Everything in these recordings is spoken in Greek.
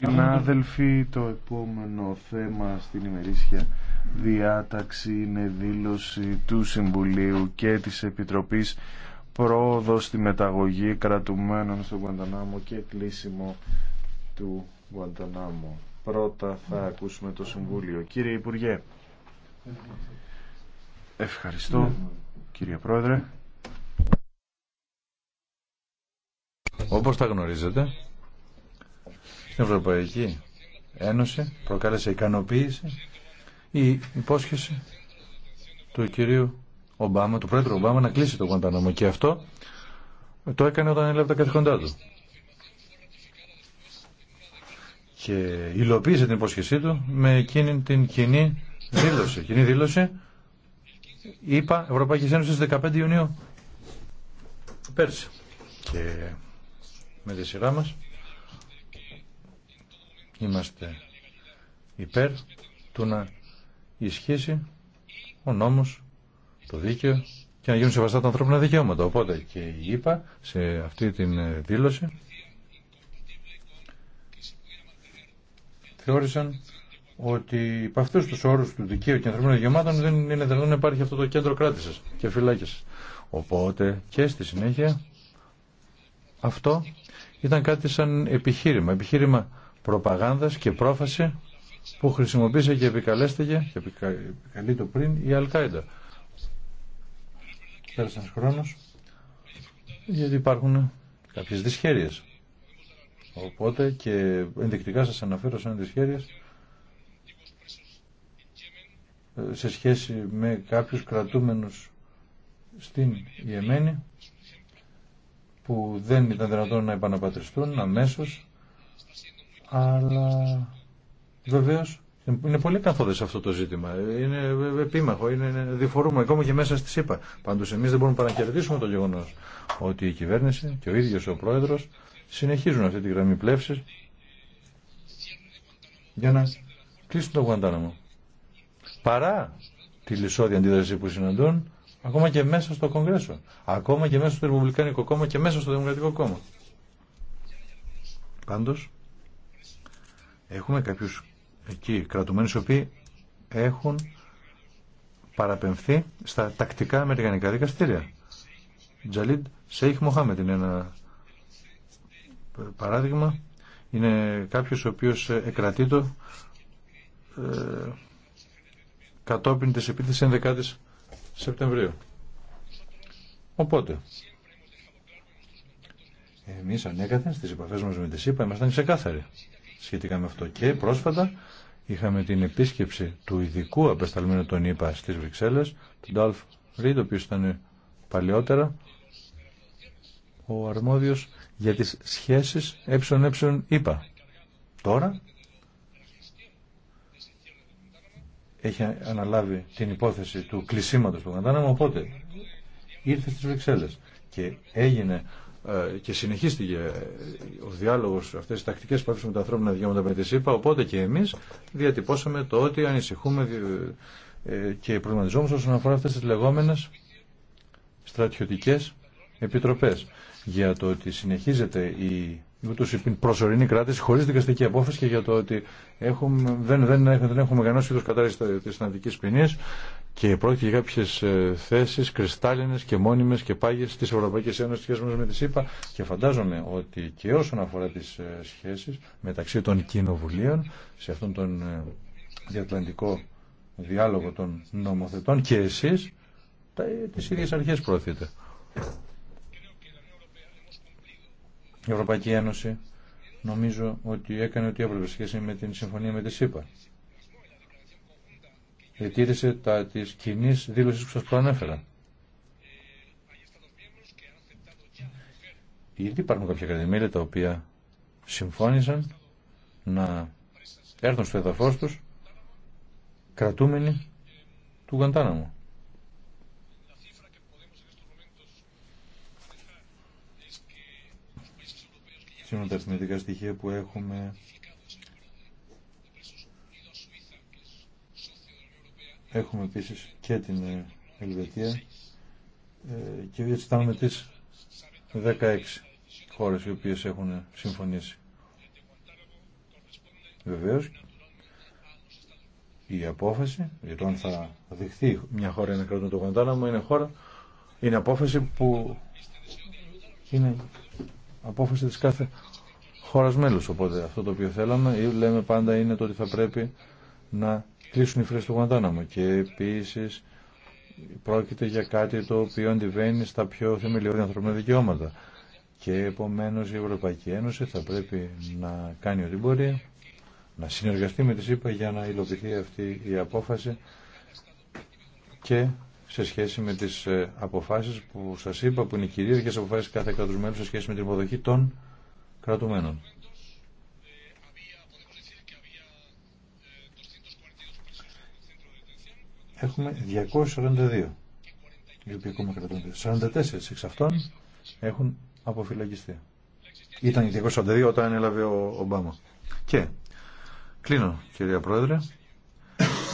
Συνάδελφοι, το επόμενο θέμα στην ημερήσια διάταξη είναι δήλωση του Συμβουλίου και της Επιτροπής πρόοδο στη μεταγωγή κρατουμένων στο Γουαντανάμο και κλείσιμο του Γουαντανάμο. Πρώτα θα ακούσουμε το Συμβούλιο. Κύριε Υπουργέ, ευχαριστώ κύριε Πρόεδρε. Όπως τα γνωρίζετε, στην Ευρωπαϊκή Ένωση προκάλεσε ικανοποίηση η υπόσχεση του κυρίου Ομπάμα, του πρόεδρου Ομπάμα να κλείσει το Γουαντάναμο και αυτό το έκανε όταν έλαβε τα καθήκοντά του. Και υλοποίησε την υπόσχεσή του με εκείνη την κοινή δήλωση. Κοινή δήλωση είπα Ευρωπαϊκή Ένωση 15 Ιουνίου πέρσι. Και με τη σειρά μας. Είμαστε υπέρ του να ισχύσει ο νόμος, το δίκαιο και να γίνουν σεβαστά τα ανθρώπινα δικαιώματα. Οπότε και είπα σε αυτή την ε, δήλωση θεώρησαν ότι υπ' αυτού του όρου του δικαίου και ανθρωπίνων δικαιωμάτων δεν είναι δεδομένο να υπάρχει αυτό το κέντρο κράτησης και φυλάκιση. Οπότε και στη συνέχεια αυτό ήταν κάτι σαν επιχείρημα, επιχείρημα προπαγάνδας και πρόφαση που χρησιμοποίησε και επικαλέστηκε και επικαλεί το πριν η Αλκάιντα. Πέρασαν χρόνος γιατί υπάρχουν κάποιες δυσχέρειες. Οπότε και ενδεικτικά σας αναφέρω σαν δυσχέρειες ε, σε σχέση με κάποιους κρατούμενους στην Ιεμένη που δεν ήταν δυνατόν να επαναπατριστούν αμέσως, αλλά βεβαίως είναι πολύ καθόδε αυτό το ζήτημα. Είναι επίμαχο, είναι διφορούμε ακόμα και μέσα στη ΣΥΠΑ. Πάντω, εμεί δεν μπορούμε να κερδίσουμε το γεγονό ότι η κυβέρνηση και ο ίδιο ο πρόεδρο συνεχίζουν αυτή τη γραμμή πλεύση για να κλείσουν το Γουαντάναμο. Παρά τη λυσόδια αντίδραση που συναντούν Ακόμα και μέσα στο Κογκρέσο. Ακόμα και μέσα στο Ρεπουμπλικάνικο Κόμμα και μέσα στο Δημοκρατικό Κόμμα. Πάντω. έχουμε κάποιους εκεί κρατουμένου οι οποίοι έχουν παραπεμφθεί στα τακτικά αμερικανικά δικαστήρια. Τζαλίντ Σέιχ Μοχάμετ είναι ένα παράδειγμα. Είναι κάποιο ο οποίος εκρατείτο ε, κατόπιν της επίθεση 11 Σεπτεμβρίου. Οπότε, εμεί ανέκαθεν στι επαφέ μα με τη ΣΥΠΑ ήμασταν ξεκάθαροι σχετικά με αυτό. Και πρόσφατα είχαμε την επίσκεψη του ειδικού απεσταλμένου των ΙΠΑ στι Βρυξέλλε, του Ντάλφ Ρίντ, ο οποίο ήταν παλιότερα ο αρμόδιο για τι σχέσει ΕΕ ΙΠΑ. Τώρα έχει αναλάβει την υπόθεση του κλεισίματος του μου, οπότε ήρθε στις Βρυξέλλες και έγινε ε, και συνεχίστηκε ε, ο διάλογος αυτές τις τακτικές που με τα ανθρώπινα δικαιώματα με τη ΣΥΠΑ, οπότε και εμείς διατυπώσαμε το ότι ανησυχούμε ε, και προβληματιζόμαστε όσον αφορά αυτές τις λεγόμενες στρατιωτικές επιτροπές για το ότι συνεχίζεται η ούτω η προσωρινή κράτηση χωρί δικαστική απόφαση και για το ότι έχουμε, δεν, δεν, έχουμε, δεν έχουμε κανένα κατάρρευση τη θανατική ποινή και πρόκειται για κάποιε θέσει κρυστάλλινε και μόνιμε και πάγιε τη Ευρωπαϊκή Ένωση σχέση με τη ΣΥΠΑ και φαντάζομαι ότι και όσον αφορά τι ε, σχέσει μεταξύ των κοινοβουλίων σε αυτόν τον ε, διατλαντικό διάλογο των νομοθετών και εσεί ε, τι ίδιε αρχέ προωθείτε η Ευρωπαϊκή Ένωση νομίζω ότι έκανε ότι έπρεπε σχέση με την συμφωνία με τη ΣΥΠΑ. Διατήρησε τα της κοινή δήλωση που σας προανέφερα. Ήδη υπάρχουν κάποια κρατημήρια τα οποία συμφώνησαν να έρθουν στο εδαφός τους κρατούμενοι του γκαντάναμου. σύμφωνα τα αριθμητικά στοιχεία που έχουμε έχουμε επίσης και την ε, Ελβετία ε, και έτσι τις 16 χώρες οι οποίες έχουν συμφωνήσει. Βεβαίως η απόφαση για το αν θα δειχθεί μια χώρα να κρατούν το Γουαντάναμο είναι χώρα είναι απόφαση που είναι απόφαση της κάθε χώρας μέλους. Οπότε αυτό το οποίο θέλαμε ή λέμε πάντα είναι το ότι θα πρέπει να κλείσουν οι φρές του Γουαντάναμου και επίση πρόκειται για κάτι το οποίο αντιβαίνει στα πιο θεμελιώδη ανθρωπινά δικαιώματα. Και επομένως η Ευρωπαϊκή Ένωση θα πρέπει να κάνει ό,τι μπορεί, να συνεργαστεί με τις ΗΠΑ για να υλοποιηθεί αυτή η απόφαση και σε σχέση με τι ε, αποφάσει που σα είπα που είναι οι κυρίαρχε αποφάσει κάθε κρατουμένου σε σχέση με την υποδοχή των κρατουμένων. Έχουμε 242 οι οποίοι ακόμα κρατούνται. 44 εξ αυτών έχουν αποφυλακιστεί. Ήταν 242 όταν έλαβε ο Ομπάμα. Και κλείνω κυρία Πρόεδρε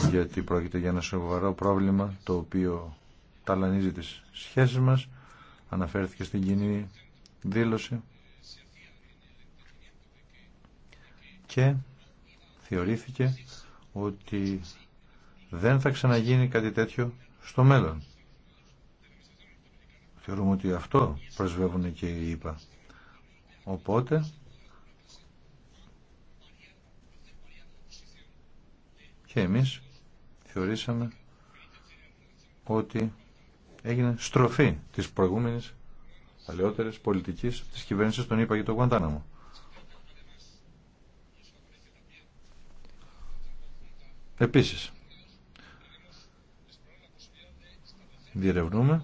γιατί πρόκειται για ένα σοβαρό πρόβλημα το οποίο ταλανίζει τις σχέσεις μας αναφέρθηκε στην κοινή δήλωση και θεωρήθηκε ότι δεν θα ξαναγίνει κάτι τέτοιο στο μέλλον. Θεωρούμε ότι αυτό προσβεύουν και οι ΙΠΑ. Οπότε και εμείς θεωρήσαμε ότι έγινε στροφή της προηγούμενης παλαιότερης πολιτικής της κυβέρνησης των ΗΠΑ για το Γουαντάναμο. Επίσης, διερευνούμε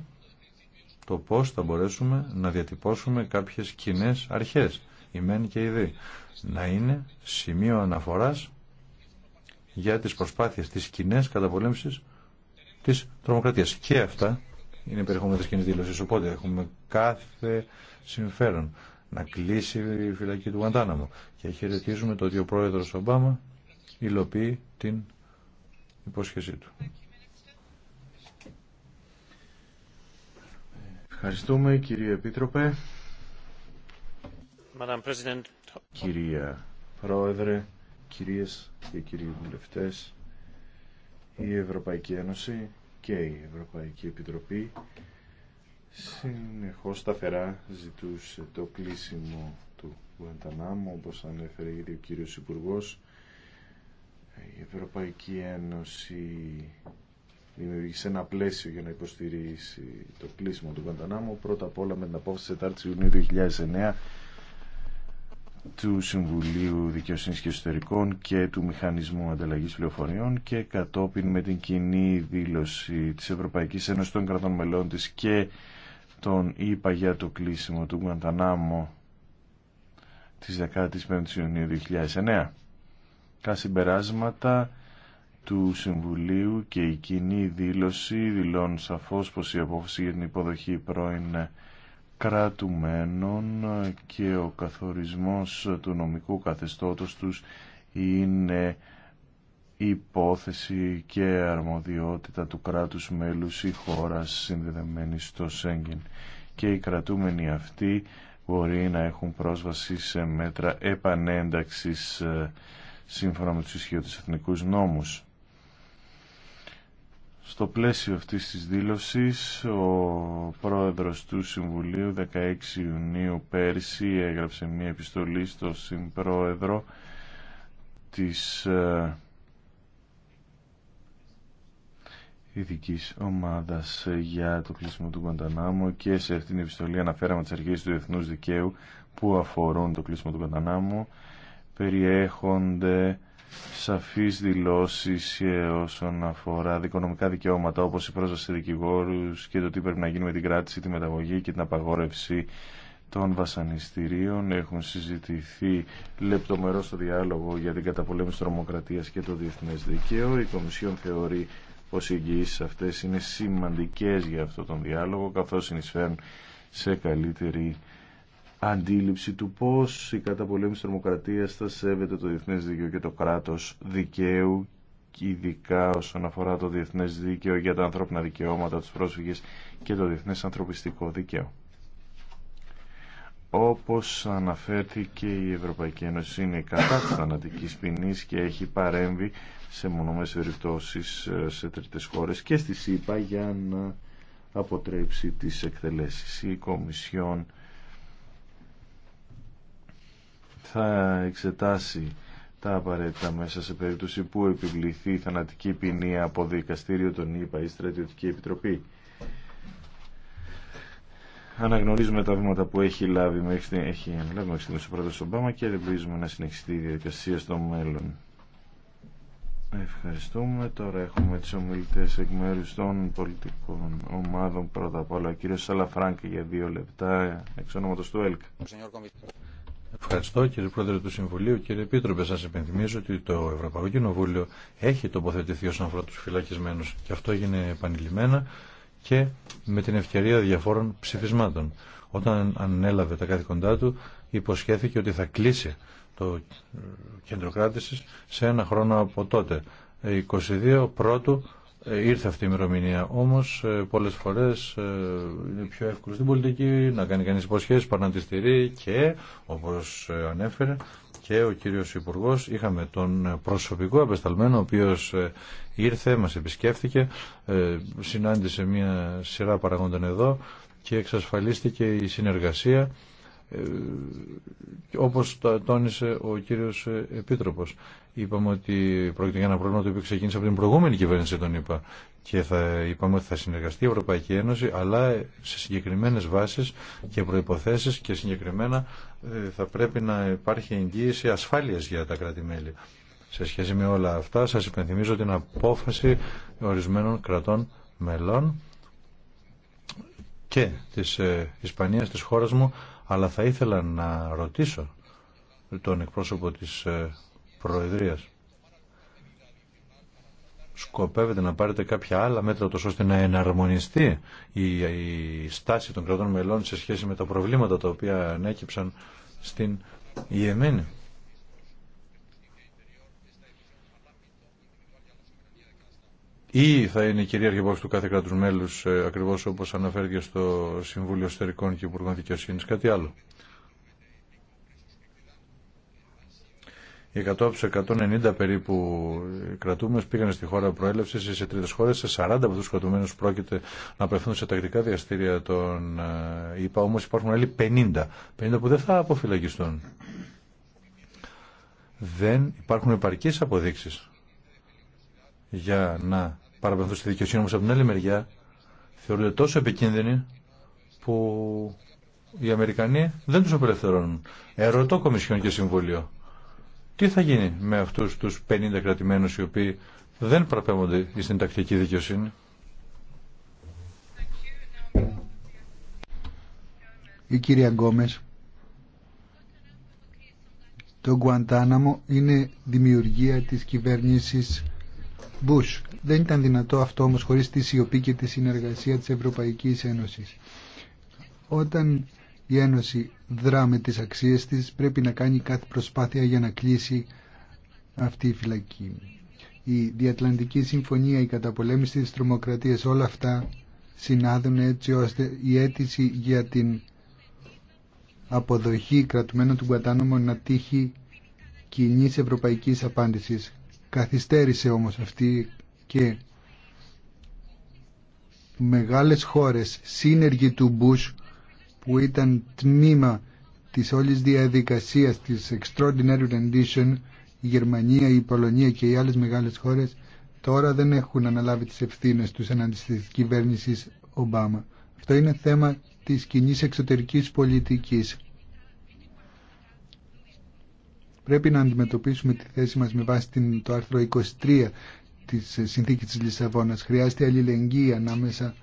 το πώς θα μπορέσουμε να διατυπώσουμε κάποιες κοινέ αρχές, η μεν και η Να είναι σημείο αναφοράς για τις προσπάθειες της κοινέ καταπολέμησης της τρομοκρατίας. Και αυτά είναι περιεχόμενα της κοινής δήλωσης. Οπότε έχουμε κάθε συμφέρον να κλείσει η φυλακή του Γαντάναμου. Και χαιρετίζουμε το ότι ο πρόεδρος Ομπάμα υλοποιεί την υπόσχεσή του. Ευχαριστούμε κύριε Επίτροπε. Κυρία Πρόεδρε, Κυρίες και κύριοι βουλευτές, η Ευρωπαϊκή Ένωση και η Ευρωπαϊκή Επιτροπή συνεχώς σταθερά ζητούσε το κλείσιμο του Γουαντανάμου, όπως ανέφερε ήδη ο κύριος υπουργό. Η Ευρωπαϊκή Ένωση δημιούργησε ένα πλαίσιο για να υποστηρίσει το κλείσιμο του Γουαντανάμου, πρώτα απ' όλα με την απόφαση 4 Ιουνίου 2009 του Συμβουλίου Δικαιοσύνης και Εσωτερικών και του Μηχανισμού Ανταλλαγής Πληροφοριών και κατόπιν με την κοινή δήλωση της Ευρωπαϊκής Ένωσης των Κρατών Μελών της και τον ΙΠΑ για το κλείσιμο του Γκαντανάμο της 15ης Ιουνίου 2009. Τα συμπεράσματα του Συμβουλίου και η κοινή δήλωση δηλώνουν σαφώς πως η απόφαση για την υποδοχή πρώην κρατουμένων και ο καθορισμός του νομικού καθεστώτος τους είναι υπόθεση και αρμοδιότητα του κράτους μέλους ή χώρας συνδεδεμένη στο Σέγγεν. Και οι κρατούμενοι αυτοί μπορεί να έχουν πρόσβαση σε μέτρα επανένταξης ε, σύμφωνα με τους ισχυρούς εθνικούς νόμους. Στο πλαίσιο αυτής της δήλωσης, ο πρόεδρος του Συμβουλίου 16 Ιουνίου πέρσι έγραψε μια επιστολή στο συμπρόεδρο της ε, ειδική ομάδας για το κλείσιμο του Κοντανάμου και σε αυτήν την επιστολή αναφέραμε τις αρχές του Εθνούς Δικαίου που αφορούν το κλείσιμο του Κοντανάμου περιέχονται σαφείς δηλώσεις όσον αφορά δικονομικά δικαιώματα όπως η πρόσβαση δικηγόρου και το τι πρέπει να γίνει με την κράτηση, τη μεταγωγή και την απαγόρευση των βασανιστήριων. Έχουν συζητηθεί λεπτομερώς στο διάλογο για την καταπολέμηση τρομοκρατίας και το διεθνές δικαίο. Η Κομισιόν θεωρεί πως οι εγγυήσεις αυτές είναι σημαντικές για αυτό τον διάλογο καθώς συνεισφέρουν σε καλύτερη αντίληψη του πώς η καταπολέμηση τρομοκρατίας θα σέβεται το διεθνές δίκαιο και το κράτος δικαίου ειδικά όσον αφορά το διεθνές δίκαιο για τα ανθρώπινα δικαιώματα, τους πρόσφυγες και το διεθνές ανθρωπιστικό δίκαιο. Όπως αναφέρθηκε η Ευρωπαϊκή Ένωση είναι κατά της θανατικής ποινής και έχει παρέμβει σε μονομές περιπτώσεις ε, σε τρίτες χώρες και στη ΣΥΠΑ για να αποτρέψει τις εκτελέσεις. Η Κομισιόν θα εξετάσει τα απαραίτητα μέσα σε περίπτωση που επιβληθεί η θανατική ποινία από δικαστήριο των ΗΠΑ ή στρατιωτική επιτροπή. Αναγνωρίζουμε τα βήματα που έχει λάβει μέχρι έχει λάβει μέχρι ο πρόεδρος Ομπάμα και ελπίζουμε να συνεχιστεί η διαδικασία στο μέλλον. Ευχαριστούμε. Τώρα έχουμε τους ομιλητές εκ μέρους των πολιτικών ομάδων. απ' όλα ο κύριος τι ομιλητέ εκ μερου των πολιτικων ομαδων πρωτα απ ολα ο κυριος σαλαφρανκη για δύο λεπτά εξ ονόματο του ΕΛΚ. Ευχαριστώ κύριε Πρόεδρε του Συμβουλίου. Κύριε Επίτροπε, σα υπενθυμίζω ότι το Ευρωπαϊκό Κοινοβούλιο έχει τοποθετηθεί όσον αφορά του φυλακισμένου και αυτό έγινε επανειλημμένα και με την ευκαιρία διαφόρων ψηφισμάτων. Όταν ανέλαβε τα κάθηκοντά του, υποσχέθηκε ότι θα κλείσει το κέντρο κράτησης σε ένα χρόνο από τότε. 22 πρώτου Ήρθε αυτή η ημερομηνία. Όμω ε, πολλέ φορέ ε, είναι πιο εύκολο στην πολιτική να κάνει κανεί υποσχέσει, παρά να στηρεί και όπω ε, ανέφερε και ο κύριο Υπουργό είχαμε τον προσωπικό απεσταλμένο ο οποίο ήρθε, μα επισκέφθηκε, συνάντησε μια σειρά παραγόντων εδώ και εξασφαλίστηκε η συνεργασία ε, όπως το τόνισε ο κύριος Επίτροπος. Είπαμε ότι πρόκειται για ένα πρόβλημα το οποίο ξεκίνησε από την προηγούμενη κυβέρνηση τον είπα. και θα, είπαμε ότι θα συνεργαστεί η Ευρωπαϊκή Ένωση αλλά σε συγκεκριμένες βάσεις και προϋποθέσεις και συγκεκριμένα ε, θα πρέπει να υπάρχει εγγύηση ασφάλειας για τα κράτη-μέλη. Σε σχέση με όλα αυτά σας υπενθυμίζω την απόφαση ορισμένων κρατών μελών και της ε, Ισπανίας, της χώρας μου αλλά θα ήθελα να ρωτήσω τον εκπρόσωπο της ε, Προεδρίας. Σκοπεύετε να πάρετε κάποια άλλα μέτρα τόσο ώστε να εναρμονιστεί η, η στάση των κρατών μελών σε σχέση με τα προβλήματα τα οποία ανέκυψαν στην Ιεμένη. ή θα είναι η κυρίαρχη υπόψη του κάθε κράτου μέλου, ε, ακριβώ όπω αναφέρθηκε στο Συμβούλιο στερικῶν και Υπουργών Δικαιοσύνη, κάτι άλλο. Οι 100 από 190 περίπου ε, κρατούμε, πήγαν στη χώρα προέλευση ή σε τρίτε χώρε. Σε 40 από του κρατουμένου πρόκειται να απευθύνουν σε τακτικά διαστήρια των ΗΠΑ. Ε, Όμω υπάρχουν άλλοι 50. 50 που δεν θα αποφυλακιστούν. Δεν υπάρχουν επαρκεί αποδείξει για να Παραπάνω στη δικαιοσύνη, όμως από την άλλη μεριά θεωρούνται τόσο επικίνδυνοι που οι Αμερικανοί δεν τους απελευθερώνουν. Ερωτώ Κομισιόν και Συμβούλιο. Τι θα γίνει με αυτούς τους 50 κρατημένους οι οποίοι δεν παραπέμπονται στην τακτική δικαιοσύνη. Η κυρία Γκόμες. Το Γκουαντάναμο είναι δημιουργία της κυβέρνησης Bush. Δεν ήταν δυνατό αυτό όμω χωρίς τη σιωπή και τη συνεργασία της Ευρωπαϊκής Ένωσης. Όταν η Ένωση δρά με τις αξίες της πρέπει να κάνει κάθε προσπάθεια για να κλείσει αυτή η φυλακή. Η Διατλαντική Συμφωνία, η καταπολέμηση τη τρομοκρατία, όλα αυτά συνάδουν έτσι ώστε η αίτηση για την αποδοχή κρατουμένων του Γκουαντάνομο να τύχει κοινή ευρωπαϊκή απάντησης. Καθυστέρησε όμως αυτή και μεγάλες χώρες σύνεργοι του Μπούς που ήταν τμήμα της όλης διαδικασίας της Extraordinary Rendition η Γερμανία, η Πολωνία και οι άλλες μεγάλες χώρες τώρα δεν έχουν αναλάβει τις ευθύνες τους εναντί της κυβέρνησης Ομπάμα. Αυτό είναι θέμα της κοινή εξωτερικής πολιτικής. Πρέπει να αντιμετωπίσουμε τη θέση μας με βάση το άρθρο 23 της ε, συνθήκης της Λισαβόνας. Χρειάζεται αλληλεγγύη ανάμεσα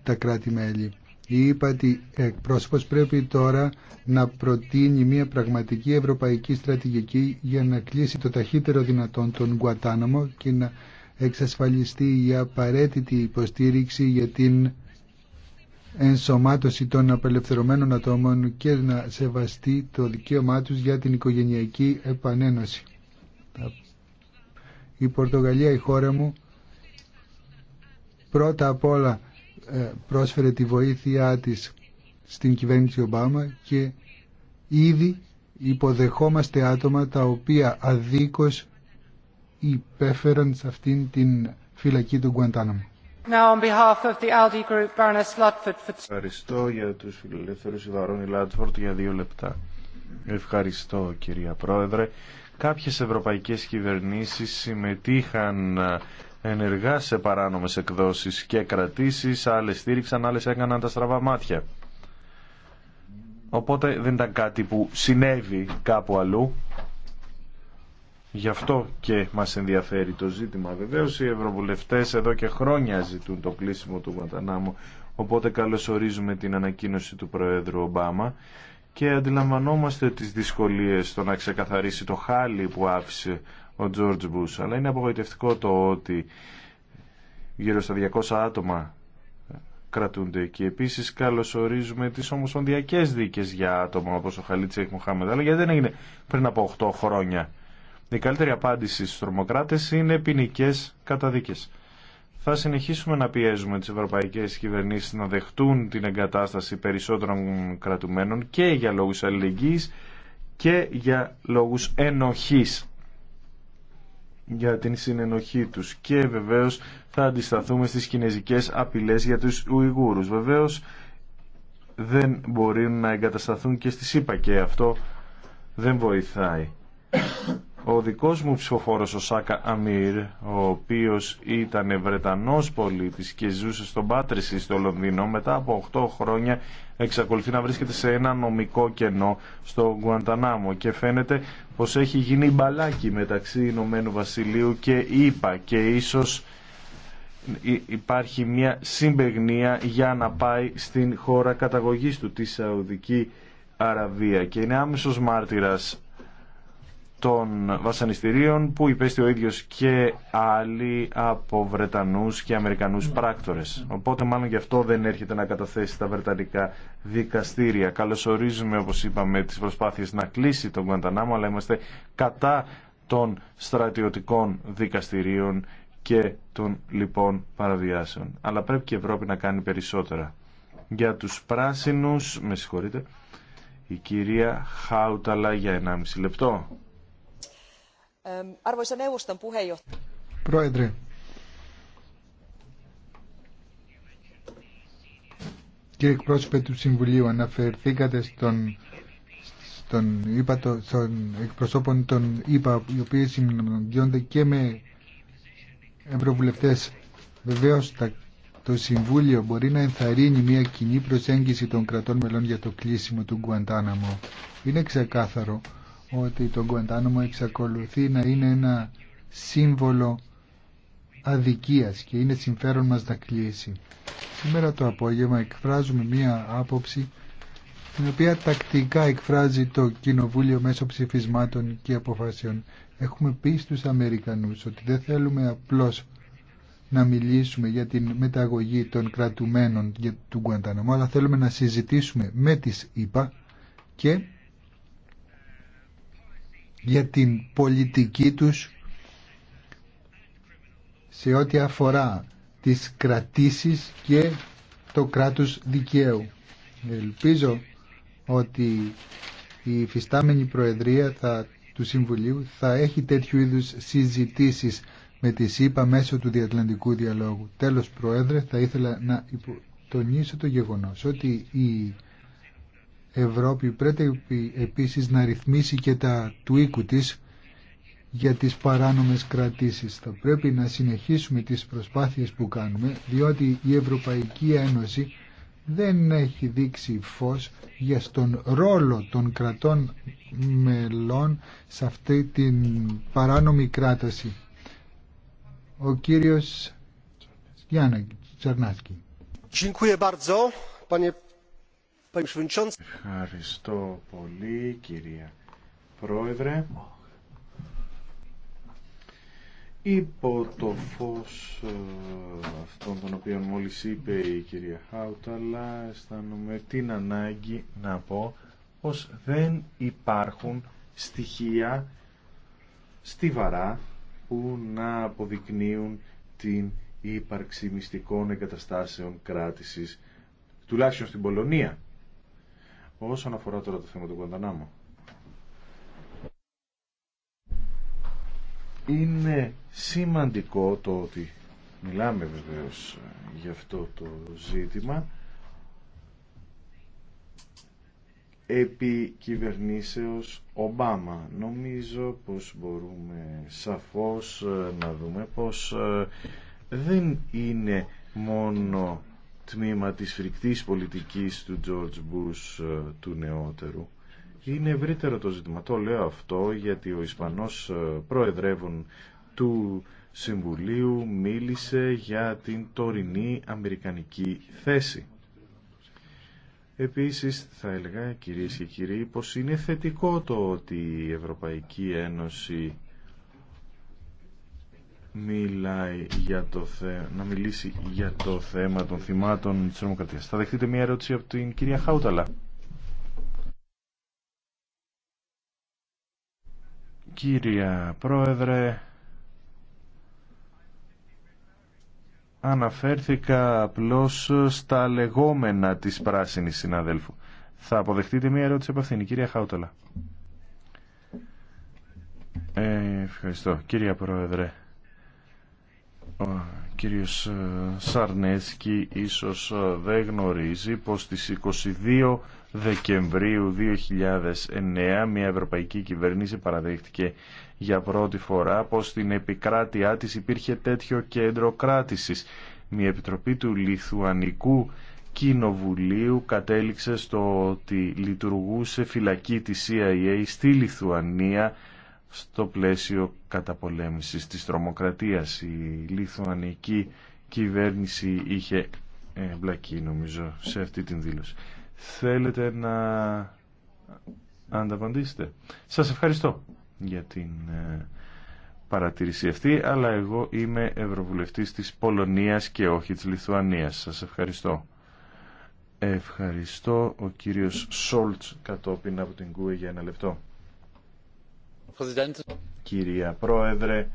στα κράτη-μέλη. Η ότι εκπρόσωπος πρέπει τώρα να προτείνει μια πραγματική ευρωπαϊκή στρατηγική για να κλείσει το ταχύτερο δυνατόν τον Γκουατάναμο και να εξασφαλιστεί η απαραίτητη υποστήριξη για την ενσωμάτωση των απελευθερωμένων ατόμων και να σεβαστεί το δικαίωμά τους για την οικογενειακή επανένωση. Η Πορτογαλία, η χώρα μου, πρώτα απ' όλα ε, πρόσφερε τη βοήθειά της στην κυβέρνηση Ομπάμα και ήδη υποδεχόμαστε άτομα τα οποία αδίκως υπέφεραν σε αυτήν την φυλακή του Γκουαντάναμου. Ευχαριστώ για τους φιλελεύθερους Ιβαρώνη Λάντφορτ για δύο λεπτά. Ευχαριστώ κυρία Πρόεδρε. Κάποιες ευρωπαϊκές κυβερνήσεις συμμετείχαν ενεργά σε παράνομες εκδόσεις και κρατήσεις, άλλες στήριξαν, άλλες έκαναν τα στραβά μάτια. Οπότε δεν ήταν κάτι που συνέβη κάπου αλλού, Γι' αυτό και μας ενδιαφέρει το ζήτημα. Βεβαίως οι ευρωβουλευτές εδώ και χρόνια ζητούν το κλείσιμο του Γουαντανάμου, οπότε καλωσορίζουμε την ανακοίνωση του Προέδρου Ομπάμα και αντιλαμβανόμαστε τις δυσκολίες στο να ξεκαθαρίσει το χάλι που άφησε ο Τζόρτζ Μπούς. Αλλά είναι απογοητευτικό το ότι γύρω στα 200 άτομα κρατούνται εκεί. επίση καλωσορίζουμε τι ομοσπονδιακές δίκε για άτομα όπω ο Χαλίτσεκ Μουχάμεντα. αλλά γιατί δεν έγινε πριν από 8 χρόνια η καλύτερη απάντηση στους τρομοκράτες είναι ποινικέ καταδίκες. Θα συνεχίσουμε να πιέζουμε τις ευρωπαϊκές κυβερνήσεις να δεχτούν την εγκατάσταση περισσότερων κρατουμένων και για λόγους αλληλεγγύης και για λόγους ενοχής για την συνενοχή τους και βεβαίως θα αντισταθούμε στις κινέζικες απειλές για τους Ουιγούρους. Βεβαίως δεν μπορεί να εγκατασταθούν και στη ΣΥΠΑ και αυτό δεν βοηθάει. Ο δικός μου ψηφοφόρος ο Σάκα Αμίρ, ο οποίος ήταν Βρετανός πολίτης και ζούσε στον Πάτρηση στο Λονδίνο, μετά από 8 χρόνια εξακολουθεί να βρίσκεται σε ένα νομικό κενό στο Γκουαντανάμο και φαίνεται πως έχει γίνει μπαλάκι μεταξύ Ηνωμένου Βασιλείου και ΙΠΑ και ίσως υπάρχει μια συμπεγνία για να πάει στην χώρα καταγωγής του, τη Σαουδική Αραβία και είναι άμεσος μάρτυρας των βασανιστήριων που υπέστη ο ίδιος και άλλοι από Βρετανούς και Αμερικανούς πράκτορες. Οπότε μάλλον γι' αυτό δεν έρχεται να καταθέσει τα Βρετανικά δικαστήρια. Καλωσορίζουμε όπως είπαμε τις προσπάθειες να κλείσει τον Κουαντανάμο αλλά είμαστε κατά των στρατιωτικών δικαστηρίων και των λοιπόν παραβιάσεων. Αλλά πρέπει και η Ευρώπη να κάνει περισσότερα. Για τους πράσινους, με συγχωρείτε, η κυρία Χάουταλα για 1,5 λεπτό. Πρόεδρε, κύριε εκπρόσωπε του Συμβουλίου, αναφερθήκατε στον, στον, εκπροσώπων των ΙΠΑ, οι οποίοι συναντιόνται και με ευρωβουλευτές. Βεβαίως, τα το Συμβούλιο μπορεί να ενθαρρύνει μια κοινή προσέγγιση των κρατών μελών για το κλείσιμο του Γκουαντάναμο. Είναι ξεκάθαρο ότι το Γκουαντάνομο εξακολουθεί να είναι ένα σύμβολο αδικίας και είναι συμφέρον μας να κλείσει. Σήμερα το απόγευμα εκφράζουμε μία άποψη την οποία τακτικά εκφράζει το Κοινοβούλιο μέσω ψηφισμάτων και αποφάσεων. Έχουμε πει στους Αμερικανούς ότι δεν θέλουμε απλώς να μιλήσουμε για την μεταγωγή των κρατουμένων του Γκουαντανομό, αλλά θέλουμε να συζητήσουμε με τις ΗΠΑ και για την πολιτική τους σε ό,τι αφορά τις κρατήσεις και το κράτος δικαίου. Ελπίζω ότι η φυστάμενη Προεδρία θα, του Συμβουλίου θα έχει τέτοιου είδους συζητήσεις με τη ΣΥΠΑ μέσω του Διατλαντικού Διαλόγου. Τέλος Πρόεδρε, θα ήθελα να τονίσω το γεγονός ότι η Ευρώπη πρέπει επίσης να ρυθμίσει και τα του οίκου της για τις παράνομες κρατήσεις. Θα πρέπει να συνεχίσουμε τις προσπάθειες που κάνουμε, διότι η Ευρωπαϊκή Ένωση δεν έχει δείξει φως για στον ρόλο των κρατών μελών σε αυτή την παράνομη κράταση. Ο κύριος Γιάννα Τσαρνάσκη. Ευχαριστώ πολύ κυρία Πρόεδρε. Υπό το φως ε, αυτών των οποίων μόλις είπε η κυρία Χάουταλα αισθάνομαι την ανάγκη να πω πως δεν υπάρχουν στοιχεία στιβαρά που να αποδεικνύουν την ύπαρξη μυστικών εγκαταστάσεων κράτησης τουλάχιστον στην Πολωνία. Όσον αφορά τώρα το θέμα του Κοντανάμου. Είναι σημαντικό το ότι μιλάμε βεβαίως για αυτό το ζήτημα επί κυβερνήσεως Ομπάμα. Νομίζω πως μπορούμε σαφώς να δούμε πως ε, δεν είναι μόνο τμήμα της φρικτής πολιτικής του George Bush ε, του νεότερου. Είναι ευρύτερο το ζήτημα. Το λέω αυτό γιατί ο Ισπανός ε, προεδρεύων του Συμβουλίου μίλησε για την τωρινή αμερικανική θέση. Επίσης θα έλεγα κυρίες και κύριοι πως είναι θετικό το ότι η Ευρωπαϊκή Ένωση μιλάει για το θε... να μιλήσει για το θέμα των θυμάτων της νομοκρατίας. Θα δεχτείτε μια ερώτηση από την κυρία Χάουταλα. Κύρια Πρόεδρε, αναφέρθηκα απλώς στα λεγόμενα της πράσινης συναδέλφου. Θα αποδεχτείτε μια ερώτηση από αυτήν, κυρία Χάουταλα. Ε, ευχαριστώ. Κύρια Πρόεδρε, ο κύριος ε, Σαρνέσκι ίσως ε, δεν γνωρίζει πως στις 22 Δεκεμβρίου 2009 μια ευρωπαϊκή κυβέρνηση παραδέχτηκε για πρώτη φορά πως στην επικράτειά της υπήρχε τέτοιο κέντρο κράτησης. Μια επιτροπή του Λιθουανικού Κοινοβουλίου κατέληξε στο ότι λειτουργούσε φυλακή της CIA στη Λιθουανία στο πλαίσιο καταπολέμησης της τρομοκρατίας. Η λιθουανική κυβέρνηση είχε εμπλακεί νομίζω σε αυτή την δήλωση. Θέλετε να ανταπαντήσετε. Σας ευχαριστώ για την ε, παρατήρηση αυτή, αλλά εγώ είμαι Ευρωβουλευτής της Πολωνίας και όχι της Λιθουανίας. Σας ευχαριστώ. Ευχαριστώ ο κύριος Σόλτς κατόπιν από την ΚΟΕ για ένα λεπτό. Κυρία Πρόεδρε,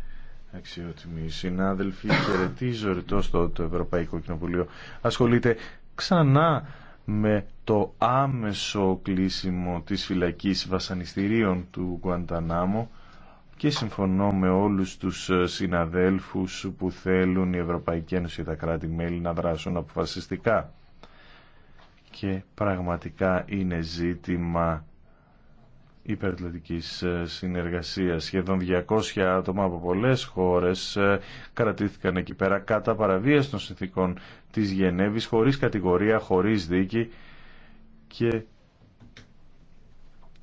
αξιότιμοι συνάδελφοι, χαιρετίζω ρητό στο το Ευρωπαϊκό Κοινοβουλίο. Ασχολείται ξανά με το άμεσο κλείσιμο της φυλακής βασανιστήριων του Γκουαντανάμο και συμφωνώ με όλους τους συναδέλφους που θέλουν η Ευρωπαϊκή Ένωση τα κράτη-μέλη να δράσουν αποφασιστικά. Και πραγματικά είναι ζήτημα υπερατλαντικής ε, συνεργασίας. Σχεδόν 200 άτομα από πολλές χώρες ε, κρατήθηκαν εκεί πέρα κατά παραβίαση των συνθήκων της Γενέβης, χωρίς κατηγορία, χωρίς δίκη και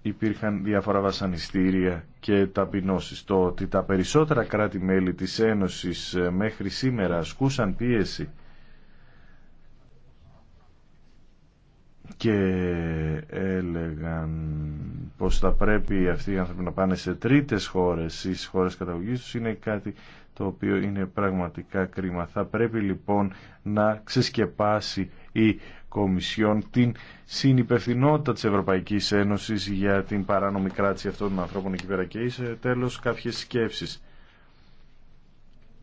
υπήρχαν διάφορα βασανιστήρια και ταπεινώσεις. Το ότι τα περισσότερα κράτη-μέλη της Ένωσης ε, μέχρι σήμερα ασκούσαν πίεση και έλεγαν πως θα πρέπει αυτοί οι άνθρωποι να πάνε σε τρίτες χώρες ή στις χώρες καταγωγής τους είναι κάτι το οποίο είναι πραγματικά κρίμα. Θα πρέπει λοιπόν να ξεσκεπάσει η Κομισιόν την συνυπευθυνότητα της Ευρωπαϊκής Ένωσης για την παράνομη κράτηση αυτών των ανθρώπων εκεί πέρα και είσαι τέλος κάποιες σκέψεις.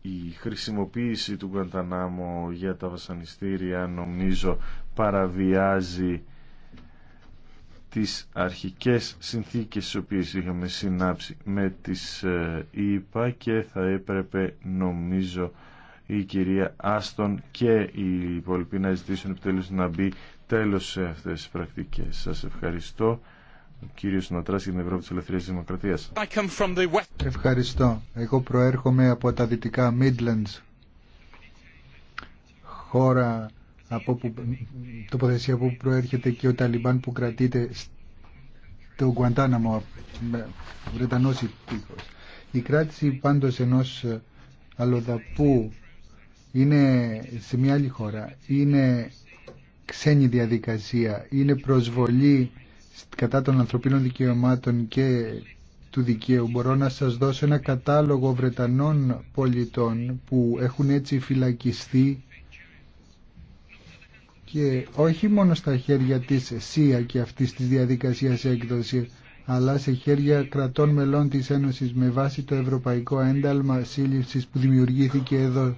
Η χρησιμοποίηση του Γκαντανάμου για τα βασανιστήρια νομίζω παραβιάζει τις αρχικές συνθήκες τις οποίες είχαμε συνάψει με τις ε, ΙΠΑ και θα έπρεπε νομίζω η κυρία Άστον και οι υπόλοιποι να ζητήσουν επιτέλους να μπει τέλος σε αυτές τις πρακτικές. Σας ευχαριστώ. Ο κύριος Νατράς για την Ευρώπη της Ελευθερίας Δημοκρατίας. Ευχαριστώ. Εγώ προέρχομαι από τα δυτικά Midlands, χώρα από που, τοποθεσία που προέρχεται και ο Ταλιμπάν που κρατείται στο Γκουαντάναμο, Βρετανός υπήρχος. Η κράτηση πάντως ενός ε, αλλοδαπού είναι σε μια άλλη χώρα, είναι ξένη διαδικασία, είναι προσβολή κατά των ανθρωπίνων δικαιωμάτων και του δικαίου. Μπορώ να σας δώσω ένα κατάλογο Βρετανών πολιτών που έχουν έτσι φυλακιστεί και όχι μόνο στα χέρια της ΣΥΑ και αυτής της διαδικασίας έκδοση αλλά σε χέρια κρατών μελών της Ένωσης με βάση το Ευρωπαϊκό Ένταλμα Σύλληψης που δημιουργήθηκε εδώ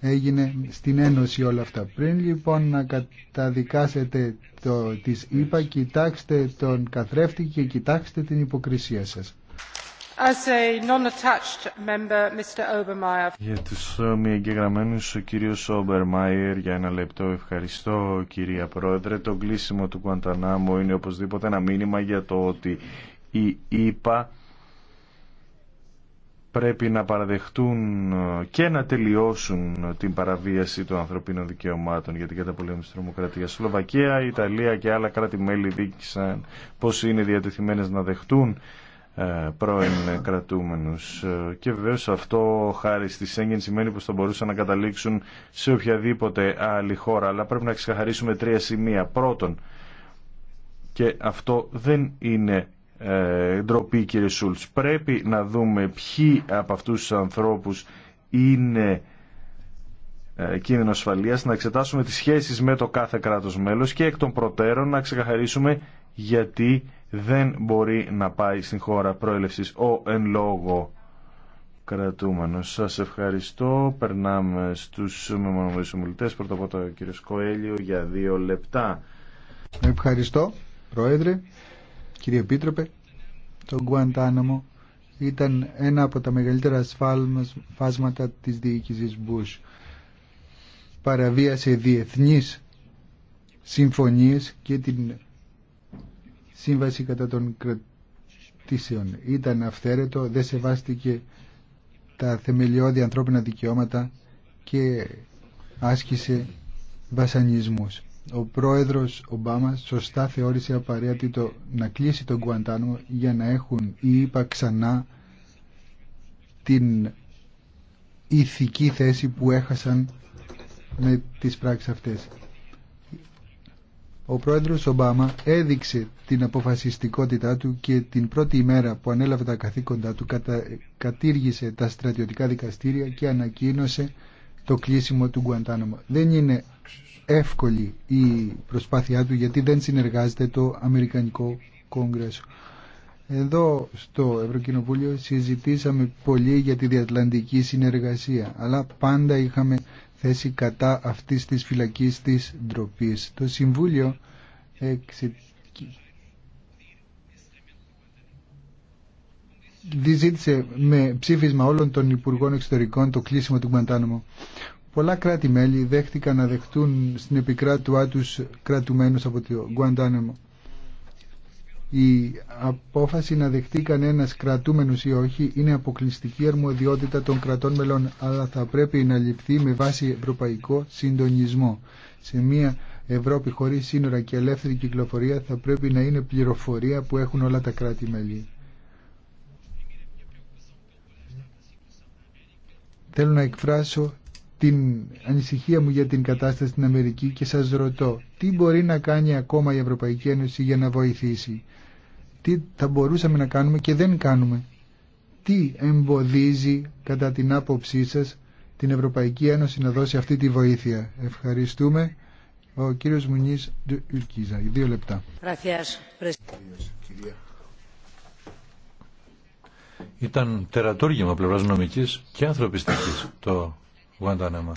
έγινε στην Ένωση όλα αυτά. Πριν λοιπόν να καταδικάσετε το, της είπα, κοιτάξτε τον καθρέφτη και κοιτάξτε την υποκρισία σας. Για τους ε, μη εγγεγραμμένους, ο κύριος Ομπερμάιερ, για ένα λεπτό ευχαριστώ κυρία Πρόεδρε. Το κλείσιμο του Κουαντανάμου είναι οπωσδήποτε ένα μήνυμα για το ότι η ΕΠΑ πρέπει να παραδεχτούν ε, και να τελειώσουν την παραβίαση των ανθρωπίνων δικαιωμάτων για την καταπολέμηση της τρομοκρατίας. Σλοβακία, Ιταλία και άλλα κράτη-μέλη δείξαν πως είναι διατεθειμένες να δεχτούν ε, πρώην κρατούμενους. Ε, και βεβαίω αυτό χάρη στη Σέγγεν σημαίνει πως θα μπορούσαν να καταλήξουν σε οποιαδήποτε άλλη χώρα. Αλλά πρέπει να ξεχαρίσουμε τρία σημεία. Πρώτον, και αυτό δεν είναι ε, ντροπή κύριε Σούλτς. Πρέπει να δούμε ποιοι από αυτούς τους ανθρώπους είναι ε, κίνδυνο ασφαλεία, να εξετάσουμε τις σχέσεις με το κάθε κράτος μέλος και εκ των προτέρων να ξεκαθαρίσουμε γιατί δεν μπορεί να πάει στην χώρα προέλευσης ο εν λόγω κρατούμενος. Σας ευχαριστώ. Περνάμε στους μεμονωμένους ομιλητές. Πρώτα από το κύριο Σκοέλιο για δύο λεπτά. Ευχαριστώ, Πρόεδρε, κύριε Επίτροπε. Το Γκουαντάναμο ήταν ένα από τα μεγαλύτερα φάσματα της διοίκησης Μπούς. Παραβίασε διεθνείς συμφωνίες και την σύμβαση κατά των κρατήσεων. Ήταν αυθαίρετο, δεν σεβάστηκε τα θεμελιώδη ανθρώπινα δικαιώματα και άσκησε βασανισμούς. Ο πρόεδρος Ομπάμα σωστά θεώρησε απαραίτητο να κλείσει τον Κουαντάνο για να έχουν ή ξανά την ηθική θέση που έχασαν με τις πράξεις αυτές ο πρόεδρος Ομπάμα έδειξε την αποφασιστικότητά του και την πρώτη ημέρα που ανέλαβε τα καθήκοντά του κατήργησε τα στρατιωτικά δικαστήρια και ανακοίνωσε το κλείσιμο του Γκουαντάνομα. Δεν είναι εύκολη η προσπάθειά του γιατί δεν συνεργάζεται το Αμερικανικό Κόγκρεσο. Εδώ στο Ευρωκοινοβούλιο συζητήσαμε πολύ για τη διατλαντική συνεργασία αλλά πάντα είχαμε θέση κατά αυτής της φυλακής της ντροπή. Το Συμβούλιο διζήτησε με ψήφισμα όλων των Υπουργών Εξωτερικών το κλείσιμο του Γουαντάνεμο. πολλα Πολλά κράτη-μέλη δέχτηκαν να δεχτούν στην επικράτουά τους κρατουμένους από το Γουαντάνεμο. Η απόφαση να δεχτεί κανένα κρατούμενο ή όχι είναι αποκλειστική αρμοδιότητα των κρατών μελών, αλλά θα πρέπει να ληφθεί με βάση ευρωπαϊκό συντονισμό. Σε μια Ευρώπη χωρίς σύνορα και ελεύθερη κυκλοφορία θα πρέπει να είναι πληροφορία που έχουν όλα τα κράτη-μέλη. Θέλω να εκφράσω την ανησυχία μου για την κατάσταση στην Αμερική και σας ρωτώ τι μπορεί να κάνει ακόμα η Ευρωπαϊκή Ένωση για να βοηθήσει τι θα μπορούσαμε να κάνουμε και δεν κάνουμε. Τι εμποδίζει κατά την άποψή σας την Ευρωπαϊκή Ένωση να δώσει αυτή τη βοήθεια. Ευχαριστούμε. Ο κύριος Μουνής Οι Δύο λεπτά. Ήταν τερατούργημα πλευράς νομικής και ανθρωπιστικής το Γουαντάναμα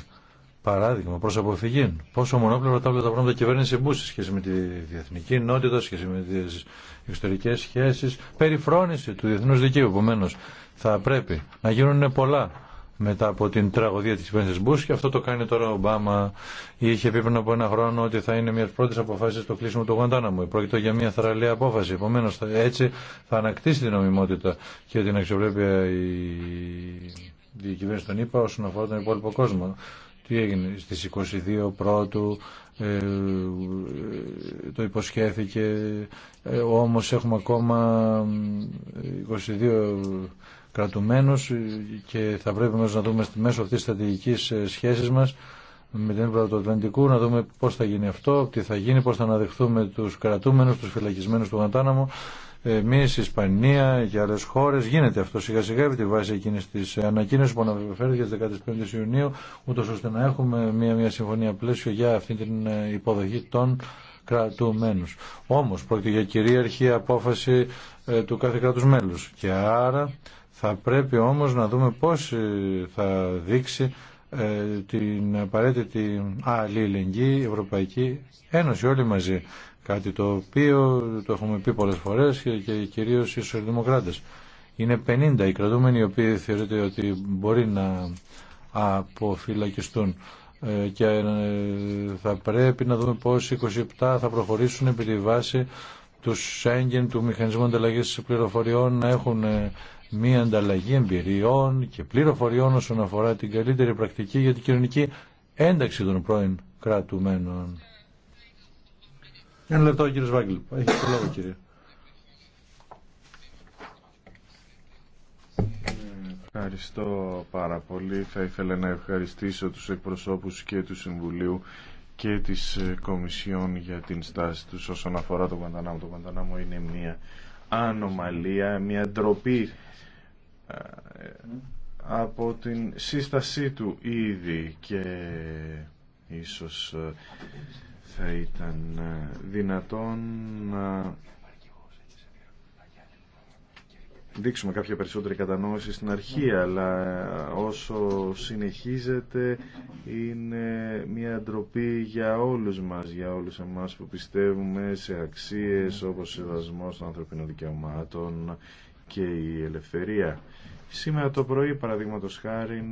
παράδειγμα προς αποφυγή. Πόσο μονόπλευρα τα τα πράγματα κυβέρνηση Μπού σε σχέση με τη διεθνική κοινότητα, σε σχέση με τι εξωτερικές σχέσεις, περιφρόνηση του διεθνού δικαίου. Επομένω, θα πρέπει να γίνουν πολλά μετά από την τραγωδία τη κυβέρνηση Μπούς και αυτό το κάνει τώρα ο Ομπάμα. Είχε πει πριν από ένα χρόνο ότι θα είναι μια πρώτη αποφάση το κλείσιμο του Γουαντάναμου. Πρόκειται για μια θαραλέα απόφαση. Επομένω, έτσι θα ανακτήσει την νομιμότητα και την αξιοπρέπεια η, κυβέρνηση των ΗΠΑ όσον αφορά τον υπόλοιπο κόσμο τι έγινε στις 22 πρώτου, ε, το υποσχέθηκε, ε, όμως έχουμε ακόμα 22 ε, κρατουμένους ε, και θα πρέπει μέσα να δούμε μέσω αυτής της στρατηγικής ε, σχέσης μας με την έμπρα του Ατλαντικού, να δούμε πώς θα γίνει αυτό, τι θα γίνει, πώς θα αναδεχθούμε τους κρατούμενους, τους φυλακισμένους του Γαντάναμου εμείς, Ισπανία και άλλες χώρες. Γίνεται αυτό σιγά σιγά επί τη βάση εκείνης της ανακοίνωσης που αναφέρθηκε στις 15 Ιουνίου, ούτως ώστε να έχουμε μια, μια συμφωνία πλαίσιο για αυτή την ε, υποδοχή των κρατουμένους. Όμως πρόκειται για κυρίαρχη απόφαση ε, του κάθε κράτους μέλους και άρα θα πρέπει όμως να δούμε πώς ε, θα δείξει την απαραίτητη αλληλεγγύη Ευρωπαϊκή Ένωση όλοι μαζί. Κάτι το οποίο το έχουμε πει πολλές φορές και, και κυρίως οι σοσιαλδημοκράτες. Είναι 50 οι κρατούμενοι οι οποίοι θεωρείται ότι μπορεί να αποφυλακιστούν ε, και ε, θα πρέπει να δούμε πώς 27 θα προχωρήσουν επί τη βάση του Σέγγεν, του Μηχανισμού ανταλλαγή Πληροφοριών να έχουν ε, μία ανταλλαγή εμπειριών και πληροφοριών όσον αφορά την καλύτερη πρακτική για την κοινωνική ένταξη των πρώην κρατουμένων. Ένα λεπτό ο κύριος Έχει το λόγο κύριε. Ευχαριστώ πάρα πολύ. Θα ήθελα να ευχαριστήσω τους εκπροσώπους και του Συμβουλίου και της ε, Κομισιόν για την στάση τους όσον αφορά τον Παντανάμο. Το Παντανάμο είναι μια ανομαλία, μια ντροπή ε, από την σύστασή του ήδη και ίσως ε, θα ήταν ε, δυνατόν να δείξουμε κάποια περισσότερη κατανόηση στην αρχή, αλλά ε, όσο συνεχίζεται είναι μια ντροπή για όλους μας, για όλους εμάς που πιστεύουμε σε αξίες όπως ο σεβασμός των ανθρωπινών δικαιωμάτων και η ελευθερία. Σήμερα το πρωί, παραδείγματος χάρη,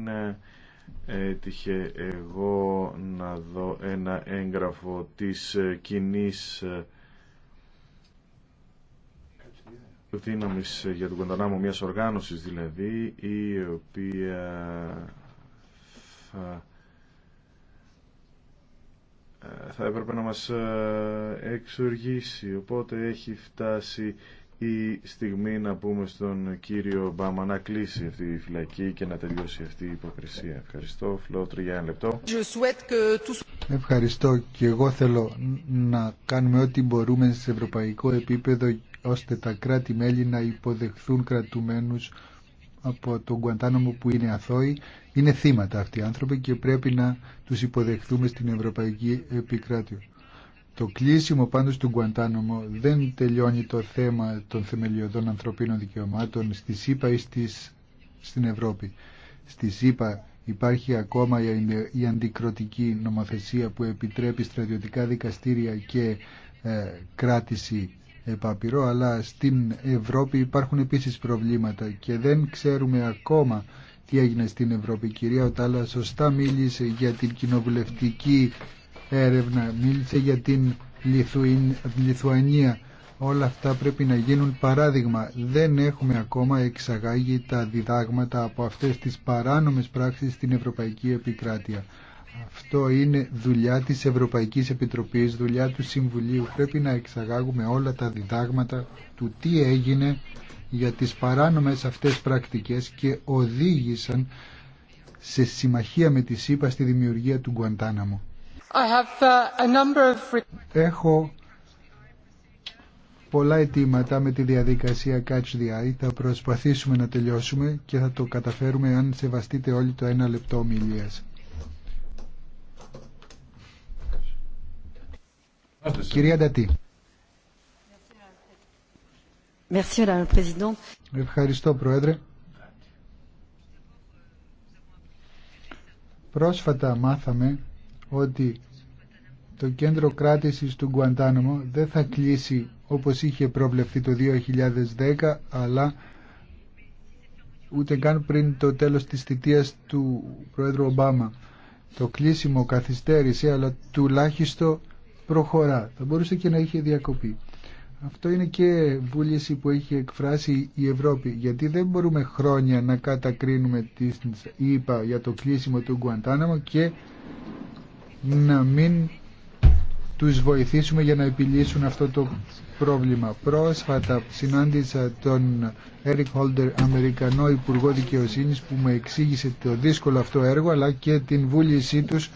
έτυχε εγώ να δω ένα έγγραφο της ε, κοινή ε, δύναμης ε, για τον Κοντανάμο, μιας οργάνωσης δηλαδή, η οποία θα, θα έπρεπε να μας εξοργήσει. Οπότε έχει φτάσει η στιγμή να πούμε στον κύριο μπαμα να κλείσει αυτή η φυλακή και να τελειώσει αυτή η υποκρισία. Ευχαριστώ. Φλότρο, για ένα λεπτό. Ευχαριστώ και εγώ θέλω να κάνουμε ό,τι μπορούμε σε ευρωπαϊκό επίπεδο ώστε τα κράτη-μέλη να υποδεχθούν κρατουμένους από τον Κουαντάνομο που είναι αθώοι. Είναι θύματα αυτοί οι άνθρωποι και πρέπει να τους υποδεχθούμε στην Ευρωπαϊκή Επικράτεια. Το κλείσιμο πάντως του Γκουαντάνομο δεν τελειώνει το θέμα των θεμελιωδών ανθρωπίνων δικαιωμάτων στη ΣΥΠΑ ή στην Ευρώπη. Στη ΣΥΠΑ υπάρχει ακόμα η αντικροτική νομοθεσία που επιτρέπει στρατιωτικά δικαστήρια και ε, κράτηση επαπειρό, αλλά στην Ευρώπη υπάρχουν επίσης προβλήματα και δεν ξέρουμε ακόμα τι έγινε στην Ευρώπη. κυρία Οτάλα σωστά μίλησε για την κοινοβουλευτική έρευνα, μίλησε για την Λιθουανία. Όλα αυτά πρέπει να γίνουν παράδειγμα. Δεν έχουμε ακόμα εξαγάγει τα διδάγματα από αυτές τις παράνομες πράξεις στην Ευρωπαϊκή Επικράτεια. Αυτό είναι δουλειά της Ευρωπαϊκής Επιτροπής, δουλειά του Συμβουλίου. Πρέπει να εξαγάγουμε όλα τα διδάγματα του τι έγινε για τις παράνομες αυτές πρακτικές και οδήγησαν σε συμμαχία με τη ΣΥΠΑ στη δημιουργία του Γκουαντάναμου. Uh, Έχω πολλά αιτήματα με τη διαδικασία Catch the Eye. Θα προσπαθήσουμε να τελειώσουμε και θα το καταφέρουμε αν σεβαστείτε όλοι το ένα λεπτό ομιλία. Κυρία Ντατή. Ευχαριστώ, Πρόεδρε. Πρόσφατα μάθαμε ότι το κέντρο κράτησης του Γκουαντάνομο δεν θα κλείσει όπως είχε προβλεφθεί το 2010 αλλά ούτε καν πριν το τέλος της θητείας του Πρόεδρου Ομπάμα. Το κλείσιμο καθυστέρησε αλλά τουλάχιστον προχωρά. Θα μπορούσε και να είχε διακοπεί. Αυτό είναι και βούληση που έχει εκφράσει η Ευρώπη γιατί δεν μπορούμε χρόνια να κατακρίνουμε τις ΙΠΑ για το κλείσιμο του Γκουαντάναμο και να μην τους βοηθήσουμε για να επιλύσουν αυτό το πρόβλημα. Πρόσφατα συνάντησα τον Eric Holder, Αμερικανό Υπουργό Δικαιοσύνης, που με εξήγησε το δύσκολο αυτό έργο, αλλά και την βούλησή τους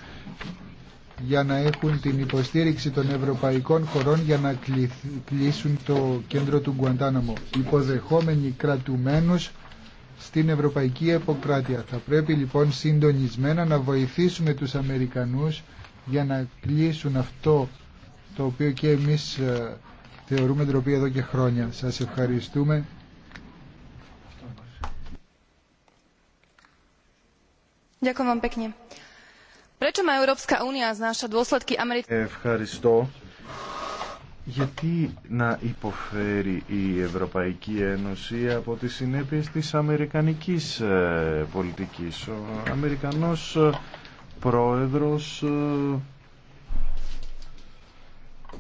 για να έχουν την υποστήριξη των ευρωπαϊκών χωρών για να κλείσουν το κέντρο του Γκουαντάναμο. Υποδεχόμενοι κρατουμένους στην Ευρωπαϊκή Εποκράτεια. Θα πρέπει λοιπόν συντονισμένα να βοηθήσουμε τους Αμερικανούς για να κλείσουν αυτό το οποίο και εμείς ε, θεωρούμε ντροπή εδώ και χρόνια. Σας ευχαριστούμε. Ευχαριστώ. Γιατί να υποφέρει η Ευρωπαϊκή Ένωση από τις συνέπειες της αμερικανικής ε, πολιτικής. Ο Αμερικανός ε, πρόεδρος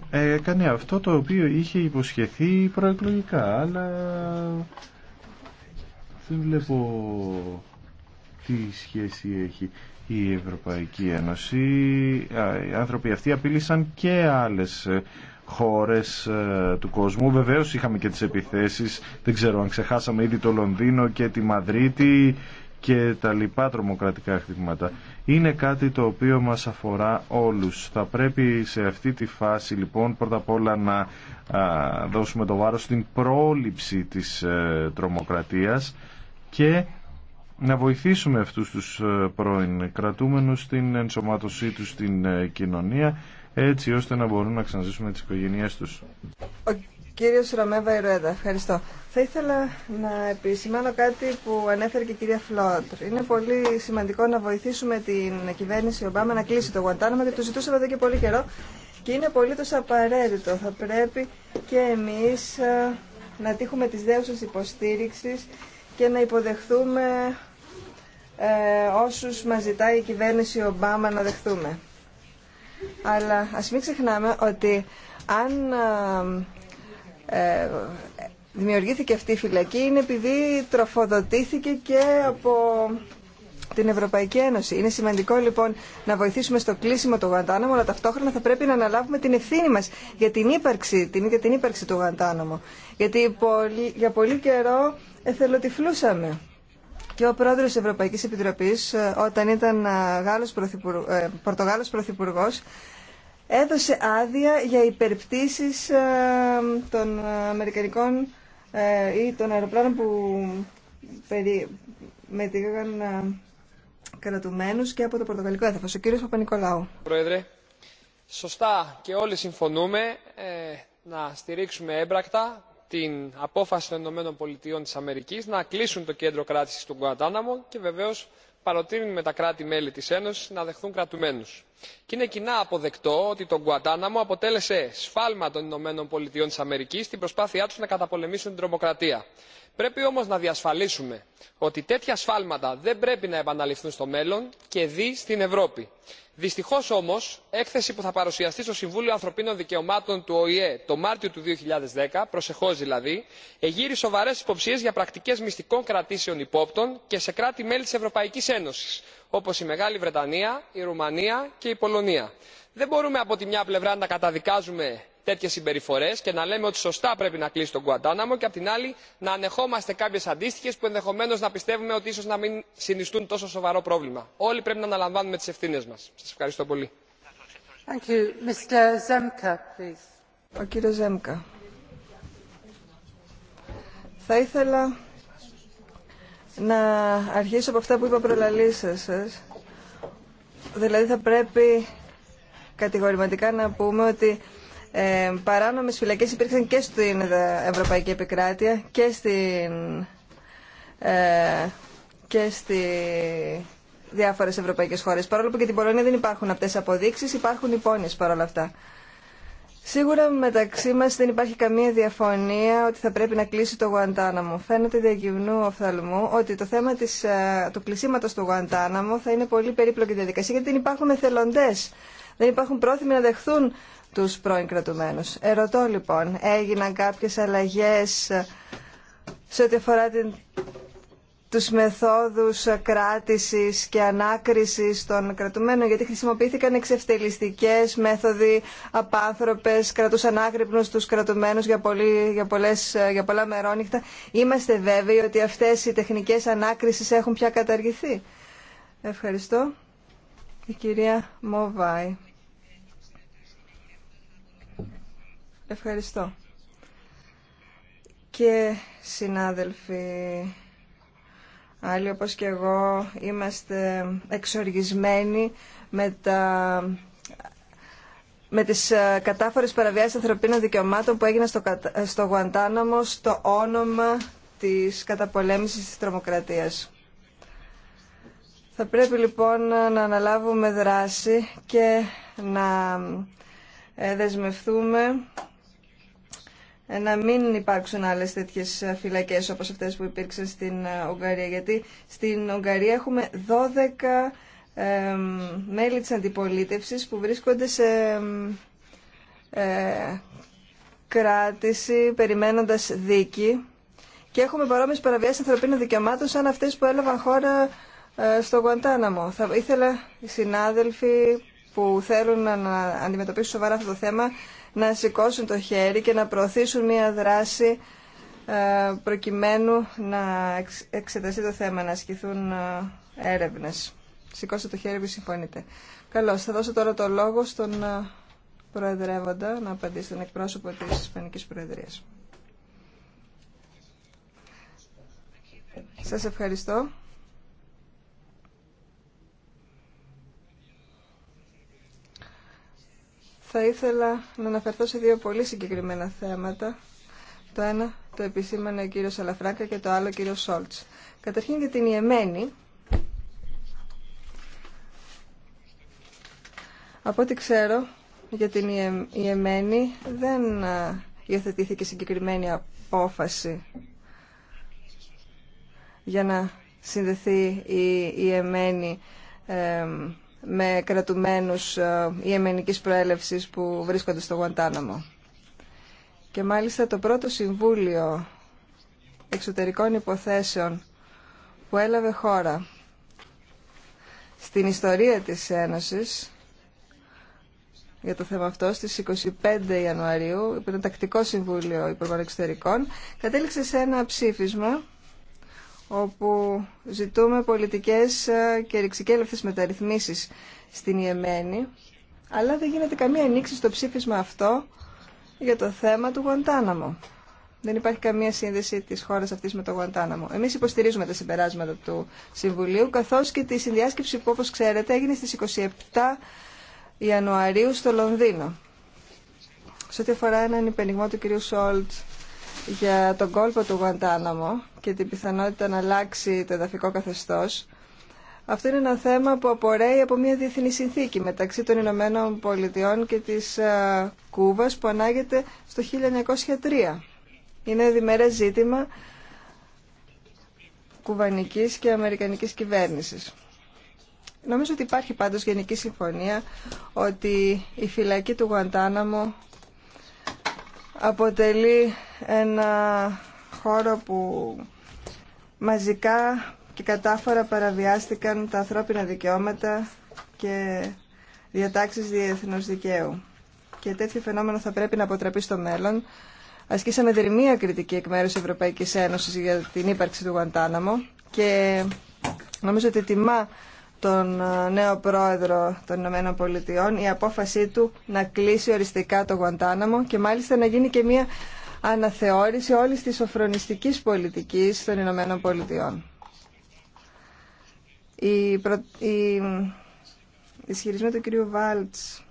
ε, έκανε αυτό το οποίο είχε υποσχεθεί προεκλογικά, αλλά δεν βλέπω τι σχέση έχει η Ευρωπαϊκή Ένωση. Οι άνθρωποι αυτοί απειλήσαν και άλλες χώρες ε, του κόσμου. Βεβαίως είχαμε και τις επιθέσεις, δεν ξέρω αν ξεχάσαμε ήδη το Λονδίνο και τη Μαδρίτη και τα λοιπά τρομοκρατικά χτυπήματα. Είναι κάτι το οποίο μας αφορά όλους. Θα πρέπει σε αυτή τη φάση λοιπόν πρώτα απ' όλα να δώσουμε το βάρος στην πρόληψη της ε, τρομοκρατίας και να βοηθήσουμε αυτούς τους ε, πρώην κρατούμενους στην ενσωμάτωσή τους στην κοινωνία έτσι ώστε να μπορούν να ξαναζήσουν τι τις οικογένειές τους. Ο κύριος Ρωμέβα Ιρουέδα, ευχαριστώ. Θα ήθελα να επισημάνω κάτι που ανέφερε και η κυρία Φλότρ. Είναι πολύ σημαντικό να βοηθήσουμε την κυβέρνηση Ομπάμα να κλείσει το Γουαντάναμα γιατί το ζητούσαμε εδώ και πολύ καιρό και είναι απολύτω απαραίτητο. Θα πρέπει και εμείς ε, να τύχουμε τις δέουσες υποστήριξης και να υποδεχθούμε ε, όσους μας ζητάει η κυβέρνηση Ομπάμα να δεχθούμε αλλά ας μην ξεχνάμε ότι αν ε, ε, δημιουργήθηκε αυτή η φυλακή είναι επειδή τροφοδοτήθηκε και από την Ευρωπαϊκή Ένωση. Είναι σημαντικό λοιπόν να βοηθήσουμε στο κλείσιμο του Γαντάνομο, αλλά ταυτόχρονα θα πρέπει να αναλάβουμε την ευθύνη μας για την ύπαρξη, την την ύπαρξη του Γαντάνομο. Γιατί για πολύ καιρό εθελοτυφλούσαμε. Και ο πρόεδρος της Ευρωπαϊκής Επιτροπής, ε, όταν ήταν ε, Γάλλος Πρωθυπουργ... Ε, Πορτογάλος Πρωθυπουργός, έδωσε άδεια για υπερπτήσεις των Αμερικανικών ή των αεροπλάνων που περί... μετήγαγαν κρατουμένους και από το Πορτογαλικό έθαφος. Ο κύριος Παπα-Νικολάου. Πρόεδρε, σωστά και όλοι συμφωνούμε να στηρίξουμε έμπρακτα την απόφαση των πολιτειών Αμερικής να κλείσουν το κέντρο κράτησης του γκουαντάναμο και βεβαίω με τα κράτη μέλη της ένωσης να δεχθούν κρατουμένους. Και είναι κοινά αποδεκτό ότι το γκουαντάναμο αποτέλεσε σφάλμα των ΗΠΑ στην προσπάθειά τους να καταπολεμήσουν την τρομοκρατία πρέπει όμω να διασφαλίσουμε ότι τέτοια σφάλματα δεν πρέπει να επαναληφθούν στο μέλλον και δι στην ευρώπη. δυστυχώς όμως έκθεση που θα παρουσιαστεί στο συμβούλιο ανθρωπίνων δικαιωμάτων του οηε το μάρτιο του 2010, χιλιάδες δέκα προσεχώς δηλαδή εγείρει σοβαρές υποψίες για πρακτικέ μυστικών κρατήσεων υπόπτων και σε κράτη μέλη τη Ευρωπαϊκή Ένωση, όπω η μεγάλη βρετανία η ρουμανία και η πολωνία. δεν μπορούμε από τη μια πλευρά να καταδικάζουμε τέτοιε συμπεριφορέ και να λέμε ότι σωστά πρέπει να κλείσει τον γκουαντάναμο και απ' την άλλη να ανεχόμαστε κάποιε αντίστοιχε που ενδεχομένω να πιστεύουμε ότι ίσω να μην συνιστούν τόσο σοβαρό πρόβλημα. όλοι πρέπει να αναλαμβάνουμε τι ευθύνε μα. σα ευχαριστώ πολύ. Θα ήθελα να αρχίσω από αυτά που είπα Δηλαδή θα πρέπει κατηγορηματικά να πούμε ότι ε, παράνομες φυλακές υπήρξαν και στην Ευρωπαϊκή Επικράτεια και στην... Ε, και στη διάφορε ευρωπαϊκέ χώρε. Παρόλο που και την Πολωνία δεν υπάρχουν αυτέ οι αποδείξει, υπάρχουν υπόνοιε παρόλα αυτά. Σίγουρα μεταξύ μα δεν υπάρχει καμία διαφωνία ότι θα πρέπει να κλείσει το Γουαντάναμο. Φαίνεται διακυμνού οφθαλμού ότι το θέμα της, ε, του κλεισίματο του Γουαντάναμο θα είναι πολύ περίπλοκη διαδικασία γιατί δεν υπάρχουν εθελοντέ. Δεν υπάρχουν πρόθυμοι να δεχθούν τους πρώην κρατουμένους. Ερωτώ λοιπόν, έγιναν κάποιες αλλαγές σε ό,τι αφορά την, τους μεθόδους κράτησης και ανάκρισης των κρατουμένων, γιατί χρησιμοποιήθηκαν εξευτελιστικές μέθοδοι, απάνθρωπες, κρατούσαν άγρυπνους τους κρατουμένους για, πολύ, για, πολλές, για πολλά μερόνυχτα. Είμαστε βέβαιοι ότι αυτές οι τεχνικές ανάκρισης έχουν πια καταργηθεί. Ευχαριστώ. Η κυρία Μοβάη. Ευχαριστώ. Και συνάδελφοι, άλλοι όπως και εγώ, είμαστε εξοργισμένοι με τα με τις ε, κατάφορες παραβιάσεις ανθρωπίνων δικαιωμάτων που έγιναν στο, στο Γουαντάναμο στο όνομα της καταπολέμησης της τρομοκρατίας. Θα πρέπει λοιπόν να αναλάβουμε δράση και να ε, δεσμευτούμε ε, να μην υπάρξουν άλλες τέτοιες ε, φυλακές όπως αυτές που υπήρξαν στην ε, Ουγγαρία. Γιατί στην Ουγγαρία έχουμε 12 ε, μέλη της αντιπολίτευσης που βρίσκονται σε ε, κράτηση περιμένοντας δίκη και έχουμε παρόμοιες παραβιάσεις ανθρωπίνων δικαιωμάτων σαν αυτές που έλαβαν χώρα στο Γουαντάναμο. Θα ήθελα οι συνάδελφοι που θέλουν να αντιμετωπίσουν σοβαρά αυτό το θέμα να σηκώσουν το χέρι και να προωθήσουν μια δράση ε, προκειμένου να εξεταστεί το θέμα, να ασκηθούν ε, έρευνες. Σηκώστε το χέρι που συμφωνείτε. Καλώς, θα δώσω τώρα το λόγο στον ε, Προεδρεύοντα να απαντήσει τον εκπρόσωπο της Ισπανικής Προεδρίας. Σας ευχαριστώ. θα ήθελα να αναφερθώ σε δύο πολύ συγκεκριμένα θέματα. Το ένα το επισήμανε ο κύριος Αλαφράκα και το άλλο ο κύριος Σόλτς. Καταρχήν για την Ιεμένη. Από ό,τι ξέρω, για την Ιεμένη δεν υιοθετήθηκε συγκεκριμένη απόφαση για να συνδεθεί η Ιεμένη με κρατουμένους ε, ιεμενικής προέλευσης που βρίσκονται στο Γουαντάναμο. Και μάλιστα το πρώτο Συμβούλιο Εξωτερικών Υποθέσεων που έλαβε χώρα στην ιστορία της Ένωσης για το θέμα αυτό στις 25 Ιανουαρίου, που τακτικό Συμβούλιο Υπουργών Εξωτερικών, κατέληξε σε ένα ψήφισμα όπου ζητούμε πολιτικές ε, και ρηξικέλευτες μεταρρυθμίσεις στην Ιεμένη, αλλά δεν γίνεται καμία ανοίξη στο ψήφισμα αυτό για το θέμα του Γουαντάναμο. Δεν υπάρχει καμία σύνδεση της χώρας αυτής με το Γουαντάναμο. Εμείς υποστηρίζουμε τα συμπεράσματα του Συμβουλίου, καθώς και τη συνδιάσκεψη που, όπως ξέρετε, έγινε στις 27 Ιανουαρίου στο Λονδίνο. Σε ό,τι αφορά έναν υπενιγμό του κ. Σόλτ για τον κόλπο του Γουαντάναμο και την πιθανότητα να αλλάξει το εδαφικό καθεστώς, αυτό είναι ένα θέμα που απορρέει από μια διεθνή συνθήκη μεταξύ των Ηνωμένων Πολιτειών και της ε, Κούβας που ανάγεται στο 1903. Είναι διμερές ζήτημα κουβανικής και αμερικανικής κυβέρνησης. Νομίζω ότι υπάρχει πάντως γενική συμφωνία ότι η φυλακή του Γουαντάναμο αποτελεί ένα χώρο που μαζικά και κατάφορα παραβιάστηκαν τα ανθρώπινα δικαιώματα και διατάξεις διεθνούς δικαίου. Και τέτοιο φαινόμενο θα πρέπει να αποτραπεί στο μέλλον. Ασκήσαμε δερμία κριτική εκ μέρους Ευρωπαϊκής Ένωσης για την ύπαρξη του Γουαντάναμο και νομίζω ότι τιμά τον ε, νέο πρόεδρο των Ηνωμένων Πολιτειών η απόφασή του να κλείσει οριστικά το Γουαντάναμο και μάλιστα να γίνει και μια αναθεώρηση όλης της σοφρονιστικής πολιτικής των Ηνωμένων Πολιτειών. Η, προ... η... του κυρίου Βάλτς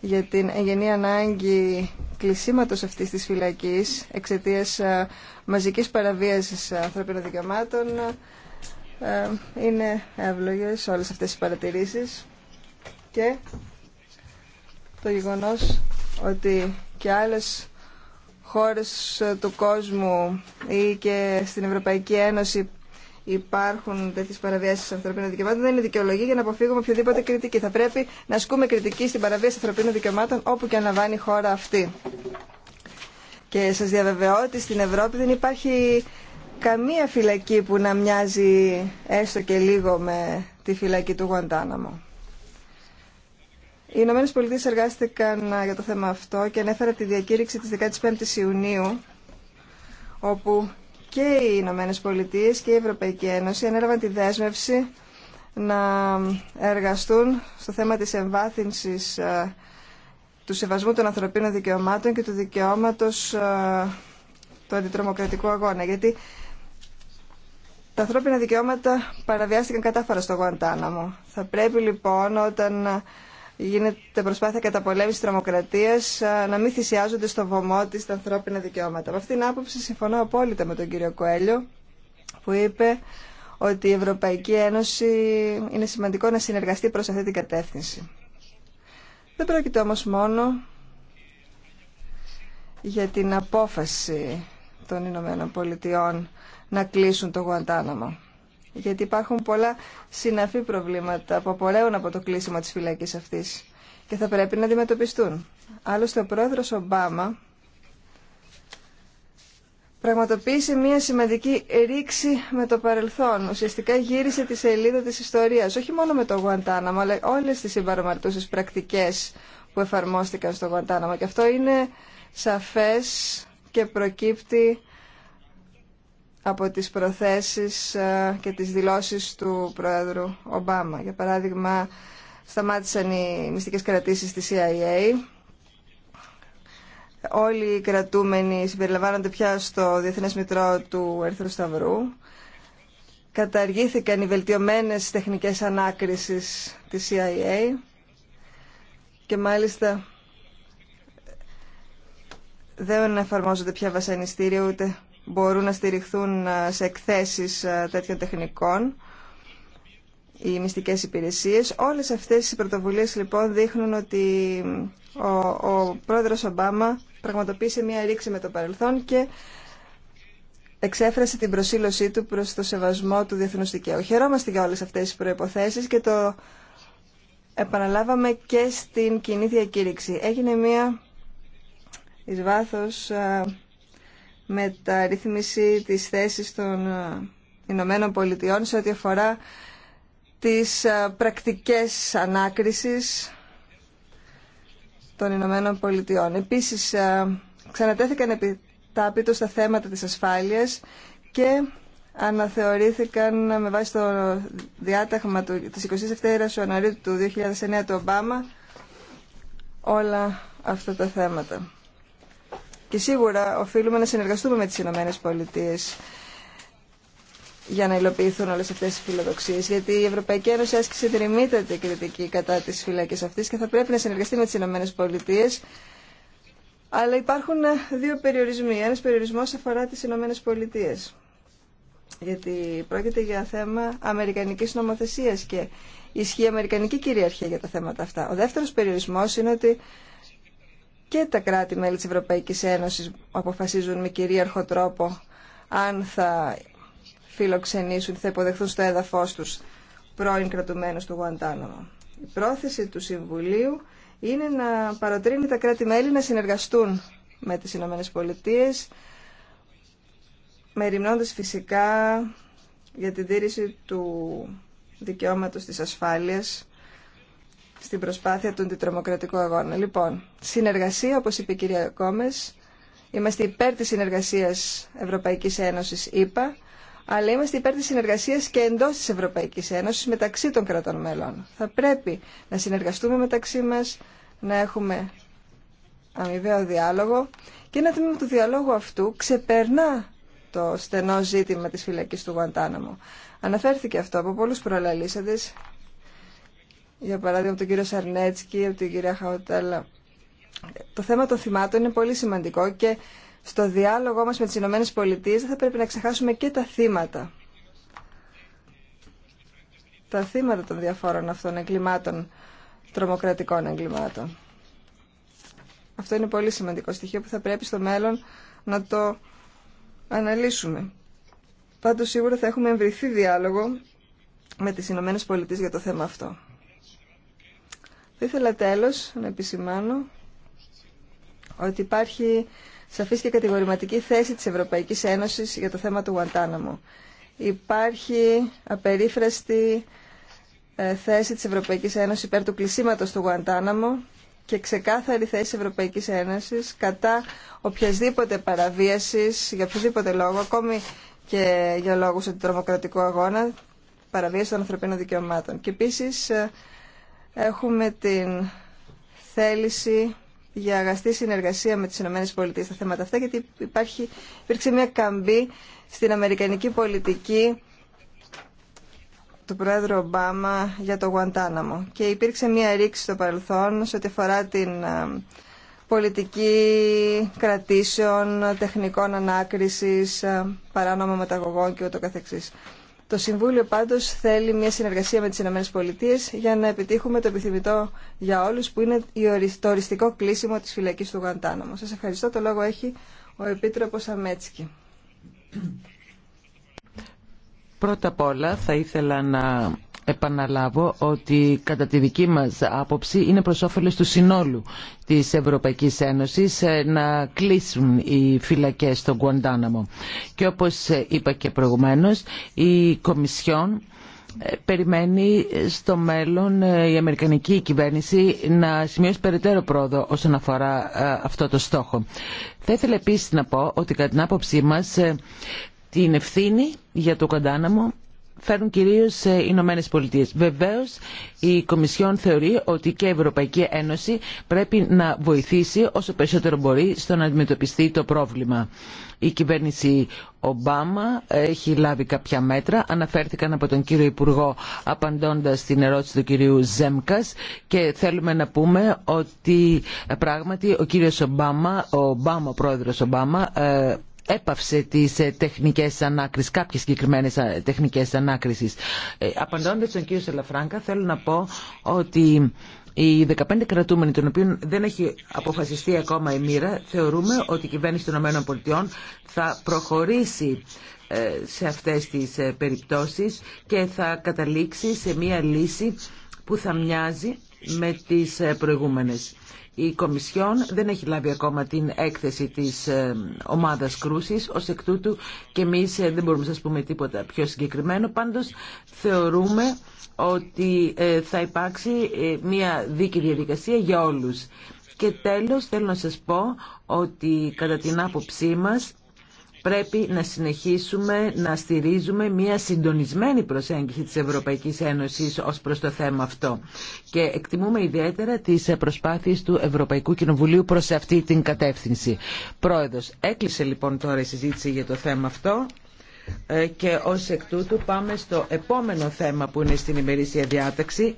για την εγγενή ανάγκη κλεισίματος αυτής της φυλακής εξαιτίας ε, μαζικής παραβίασης ε, ανθρωπίνων δικαιωμάτων ε, είναι εύλογες όλες αυτές οι παρατηρήσεις και το γεγονός ότι και άλλες χώρες του κόσμου ή και στην Ευρωπαϊκή Ένωση υπάρχουν τέτοιε παραβιάσει ανθρωπίνων δικαιωμάτων δεν είναι δικαιολογία για να αποφύγουμε οποιοδήποτε κριτική. Θα πρέπει να ασκούμε κριτική στην παραβίαση ανθρωπίνων δικαιωμάτων όπου και αναβάνει η χώρα αυτή. Και σα διαβεβαιώ ότι στην Ευρώπη δεν υπάρχει καμία φυλακή που να μοιάζει έστω και λίγο με τη φυλακή του Γουαντάναμο. Οι Ηνωμένε Πολιτείε εργάστηκαν για το θέμα αυτό και ανέφερα τη διακήρυξη της 15ης Ιουνίου όπου και οι Ηνωμένε Πολιτείε και η Ευρωπαϊκή Ένωση ανέλαβαν τη δέσμευση να εργαστούν στο θέμα της εμβάθυνσης του σεβασμού των ανθρωπίνων δικαιωμάτων και του δικαιώματος του αντιτρομοκρατικού αγώνα. Γιατί τα ανθρώπινα δικαιώματα παραβιάστηκαν κατάφορα στο Γουαντάναμο. Θα πρέπει λοιπόν όταν γίνεται προσπάθεια καταπολέμηση τρομοκρατία να μην θυσιάζονται στο βωμό τη τα ανθρώπινα δικαιώματα. Με αυτήν την άποψη συμφωνώ απόλυτα με τον κύριο Κοέλιο που είπε ότι η Ευρωπαϊκή Ένωση είναι σημαντικό να συνεργαστεί προς αυτή την κατεύθυνση. Δεν πρόκειται όμως μόνο για την απόφαση των Ηνωμένων Πολιτειών να κλείσουν το Γουαντάναμα. Γιατί υπάρχουν πολλά συναφή προβλήματα που απορρέουν από το κλείσιμο της φυλακής αυτής και θα πρέπει να αντιμετωπιστούν. Άλλωστε ο πρόεδρος Ομπάμα πραγματοποίησε μια σημαντική ρήξη με το παρελθόν. Ουσιαστικά γύρισε τη σελίδα της ιστορίας, όχι μόνο με το Γουαντάναμα, αλλά όλες τις συμπαρομαρτούσε πρακτικές που εφαρμόστηκαν στο Γουαντάναμα. Και αυτό είναι σαφές και προκύπτει από τις προθέσεις ε, και τις δηλώσεις του Πρόεδρου Ομπάμα. Για παράδειγμα, σταμάτησαν οι μυστικές κρατήσεις της CIA. Όλοι οι κρατούμενοι συμπεριλαμβάνονται πια στο Διεθνές Μητρό του Έρθρου Σταυρού. Καταργήθηκαν οι βελτιωμένες τεχνικές ανάκρισης της CIA και μάλιστα δεν εφαρμόζονται πια βασανιστήρια ούτε μπορούν να στηριχθούν ε, σε εκθέσεις ε, τέτοιων τεχνικών οι μυστικές υπηρεσίες. Όλες αυτές οι πρωτοβουλίες λοιπόν δείχνουν ότι ο, ο πρόεδρος Ομπάμα πραγματοποίησε μια ρήξη με το παρελθόν και εξέφρασε την προσήλωσή του προς το σεβασμό του διεθνούς δικαίου. Χαιρόμαστε για όλες αυτές τις προϋποθέσεις και το επαναλάβαμε και στην κοινή διακήρυξη. Έγινε μια εις ε, μεταρρύθμιση της θέσης των ε, Ηνωμένων Πολιτειών σε ό,τι αφορά τις ε, πρακτικές ανάκρισης των Ηνωμένων Πολιτειών. Επίσης, ε, ξανατέθηκαν επιτάπητο στα θέματα της ασφάλειας και αναθεωρήθηκαν με βάση το διάταγμα του, της 27ης Ιανουαρίου του 2009 του Ομπάμα όλα αυτά τα θέματα. Και σίγουρα οφείλουμε να συνεργαστούμε με τις Ηνωμένες Πολιτείες για να υλοποιηθούν όλες αυτές οι φιλοδοξίες. Γιατί η Ευρωπαϊκή Ένωση άσκησε δρυμύτατη κριτική κατά τις φυλακές αυτής και θα πρέπει να συνεργαστεί με τις Ηνωμένες Πολιτείες. Αλλά υπάρχουν δύο περιορισμοί. Ένας περιορισμός αφορά τις Ηνωμένες Πολιτείες. Γιατί πρόκειται για θέμα αμερικανικής νομοθεσίας και ισχύει η αμερικανική κυριαρχία για τα θέματα αυτά. Ο δεύτερος περιορισμός είναι ότι και τα κράτη-μέλη της Ευρωπαϊκής Ένωσης αποφασίζουν με κυρίαρχο τρόπο αν θα φιλοξενήσουν, θα υποδεχθούν στο έδαφος τους πρώην κρατουμένους του Γουαντάναμο. Η πρόθεση του Συμβουλίου είναι να παροτρύνει τα κράτη-μέλη να συνεργαστούν με τις Ηνωμένες Πολιτείες, μεριμνώντας φυσικά για την τήρηση του δικαιώματος της ασφάλειας στην προσπάθεια του αντιτρομοκρατικού αγώνα. Λοιπόν, συνεργασία, όπως είπε η κυρία Κόμες, είμαστε υπέρ της συνεργασίας Ευρωπαϊκής Ένωσης, είπα, αλλά είμαστε υπέρ της συνεργασίας και εντός της Ευρωπαϊκής Ένωσης μεταξύ των κρατών μέλων. Θα πρέπει να συνεργαστούμε μεταξύ μας, να έχουμε αμοιβαίο διάλογο και ένα τμήμα του διαλόγου αυτού ξεπερνά το στενό ζήτημα της φυλακής του Γουαντάναμου. Αναφέρθηκε αυτό από πολλούς προλαλήσαντε για παράδειγμα από τον κύριο Σαρνέτσκι, από την κυρία Χαουτέλα. Το θέμα των θυμάτων είναι πολύ σημαντικό και στο διάλογό μας με τις Ηνωμένες Πολιτείες θα πρέπει να ξεχάσουμε και τα θύματα. Τα θύματα των διαφόρων αυτών εγκλημάτων, τρομοκρατικών εγκλημάτων. Αυτό είναι πολύ σημαντικό στοιχείο που θα πρέπει στο μέλλον να το αναλύσουμε. Πάντως σίγουρα θα έχουμε εμβριθεί διάλογο με τις Ηνωμένες Πολιτείες για το θέμα αυτό. Θα ήθελα τέλος να επισημάνω ότι υπάρχει σαφής και κατηγορηματική θέση της Ευρωπαϊκής Ένωσης για το θέμα του Γουαντάναμου. Υπάρχει απερίφραστη ε, θέση της Ευρωπαϊκής Ένωσης υπέρ του κλεισίματος του Γουαντάναμου και ξεκάθαρη θέση της Ευρωπαϊκής Ένωσης κατά οποιασδήποτε παραβίαση για οποιοδήποτε λόγο, ακόμη και για λόγους του τρομοκρατικού αγώνα, παραβίαση των ανθρωπίνων δικαιωμάτων. Και ε, έχουμε την θέληση για αγαστή συνεργασία με τις ΗΠΑ στα θέματα αυτά, γιατί υπάρχει, υπήρξε μια καμπή στην Αμερικανική πολιτική του Πρόεδρου Ομπάμα για το Γουαντάναμο. Και υπήρξε μια ρήξη στο παρελθόν σε ό,τι αφορά την ε, πολιτική κρατήσεων, τεχνικών ανάκρισης, ε, παράνομα μεταγωγών και ούτω καθεξής. Το Συμβούλιο πάντως θέλει μια συνεργασία με τις ΗΠΑ για να επιτύχουμε το επιθυμητό για όλους που είναι το οριστικό κλείσιμο της φυλακής του Γαντάναμο. Σας ευχαριστώ. Το λόγο έχει ο Επίτροπος Αμέτσικη. Πρώτα απ' όλα θα ήθελα να επαναλάβω ότι κατά τη δική μας άποψη είναι προς όφελος του συνόλου της Ευρωπαϊκής Ένωσης ε, να κλείσουν οι φυλακές στον Κουαντάναμο. Και όπως είπα και προηγουμένως, η Κομισιόν ε, περιμένει στο μέλλον ε, η Αμερικανική κυβέρνηση να σημειώσει περαιτέρω πρόοδο όσον αφορά αυτό το στόχο. Θα ήθελα επίσης να πω ότι κατά την άποψή μας την ευθύνη για το Κουαντάναμο φέρουν κυρίω σε Ηνωμένε Πολιτείε. Βεβαίω, η Κομισιόν θεωρεί ότι και η Ευρωπαϊκή Ένωση πρέπει να βοηθήσει όσο περισσότερο μπορεί στο να αντιμετωπιστεί το πρόβλημα. Η κυβέρνηση Ομπάμα έχει λάβει κάποια μέτρα, αναφέρθηκαν από τον κύριο Υπουργό απαντώντα στην ερώτηση του κυρίου Ζέμκα, και θέλουμε να πούμε ότι ε, πράγματι ο κύριο Ομπάμα, ο Ομπάμα, ο Ομπάμα, ε, έπαυσε τις ε, τεχνικές ανάκρισεις, κάποιες συγκεκριμένες ε, τεχνικές ανάκρισεις. Ε, απαντώντας τον κύριο Σελαφράγκα, θέλω να πω ότι οι 15 κρατούμενοι, των οποίων δεν έχει αποφασιστεί ακόμα η μοίρα, θεωρούμε ότι η κυβέρνηση των ΗΠΑ θα προχωρήσει σε αυτές τις περιπτώσεις και θα καταλήξει σε μία λύση που θα μοιάζει με τις προηγούμενες. Η Κομισιόν δεν έχει λάβει ακόμα την έκθεση της ε, ομάδας κρούσης, ως εκ τούτου και εμείς ε, δεν μπορούμε να σας πούμε τίποτα πιο συγκεκριμένο. Πάντως θεωρούμε ότι ε, θα υπάρξει μια δίκη διαδικασία για όλους. Και τέλος θέλω να σας πω ότι κατά την άποψή μας πρέπει να συνεχίσουμε να στηρίζουμε μια συντονισμένη προσέγγιση της Ευρωπαϊκής Ένωσης ως προς το θέμα αυτό. Και εκτιμούμε ιδιαίτερα τις προσπάθειες του Ευρωπαϊκού Κοινοβουλίου προς αυτή την κατεύθυνση. Πρόεδρος, έκλεισε λοιπόν τώρα η συζήτηση για το θέμα αυτό ε, και ως εκ τούτου πάμε στο επόμενο θέμα που είναι στην ημερήσια διάταξη.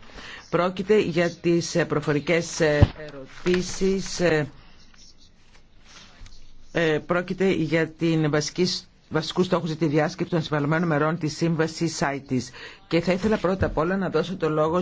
Πρόκειται για τις προφορικές ε, ερωτήσεις ε, ε, πρόκειται για την βασική βασικούς στόχου για τη διάσκεψη των συμβαλωμένων μερών της σύμβασης ΣΑΙΤΙΣ. Και θα ήθελα πρώτα απ' όλα να δώσω το λόγο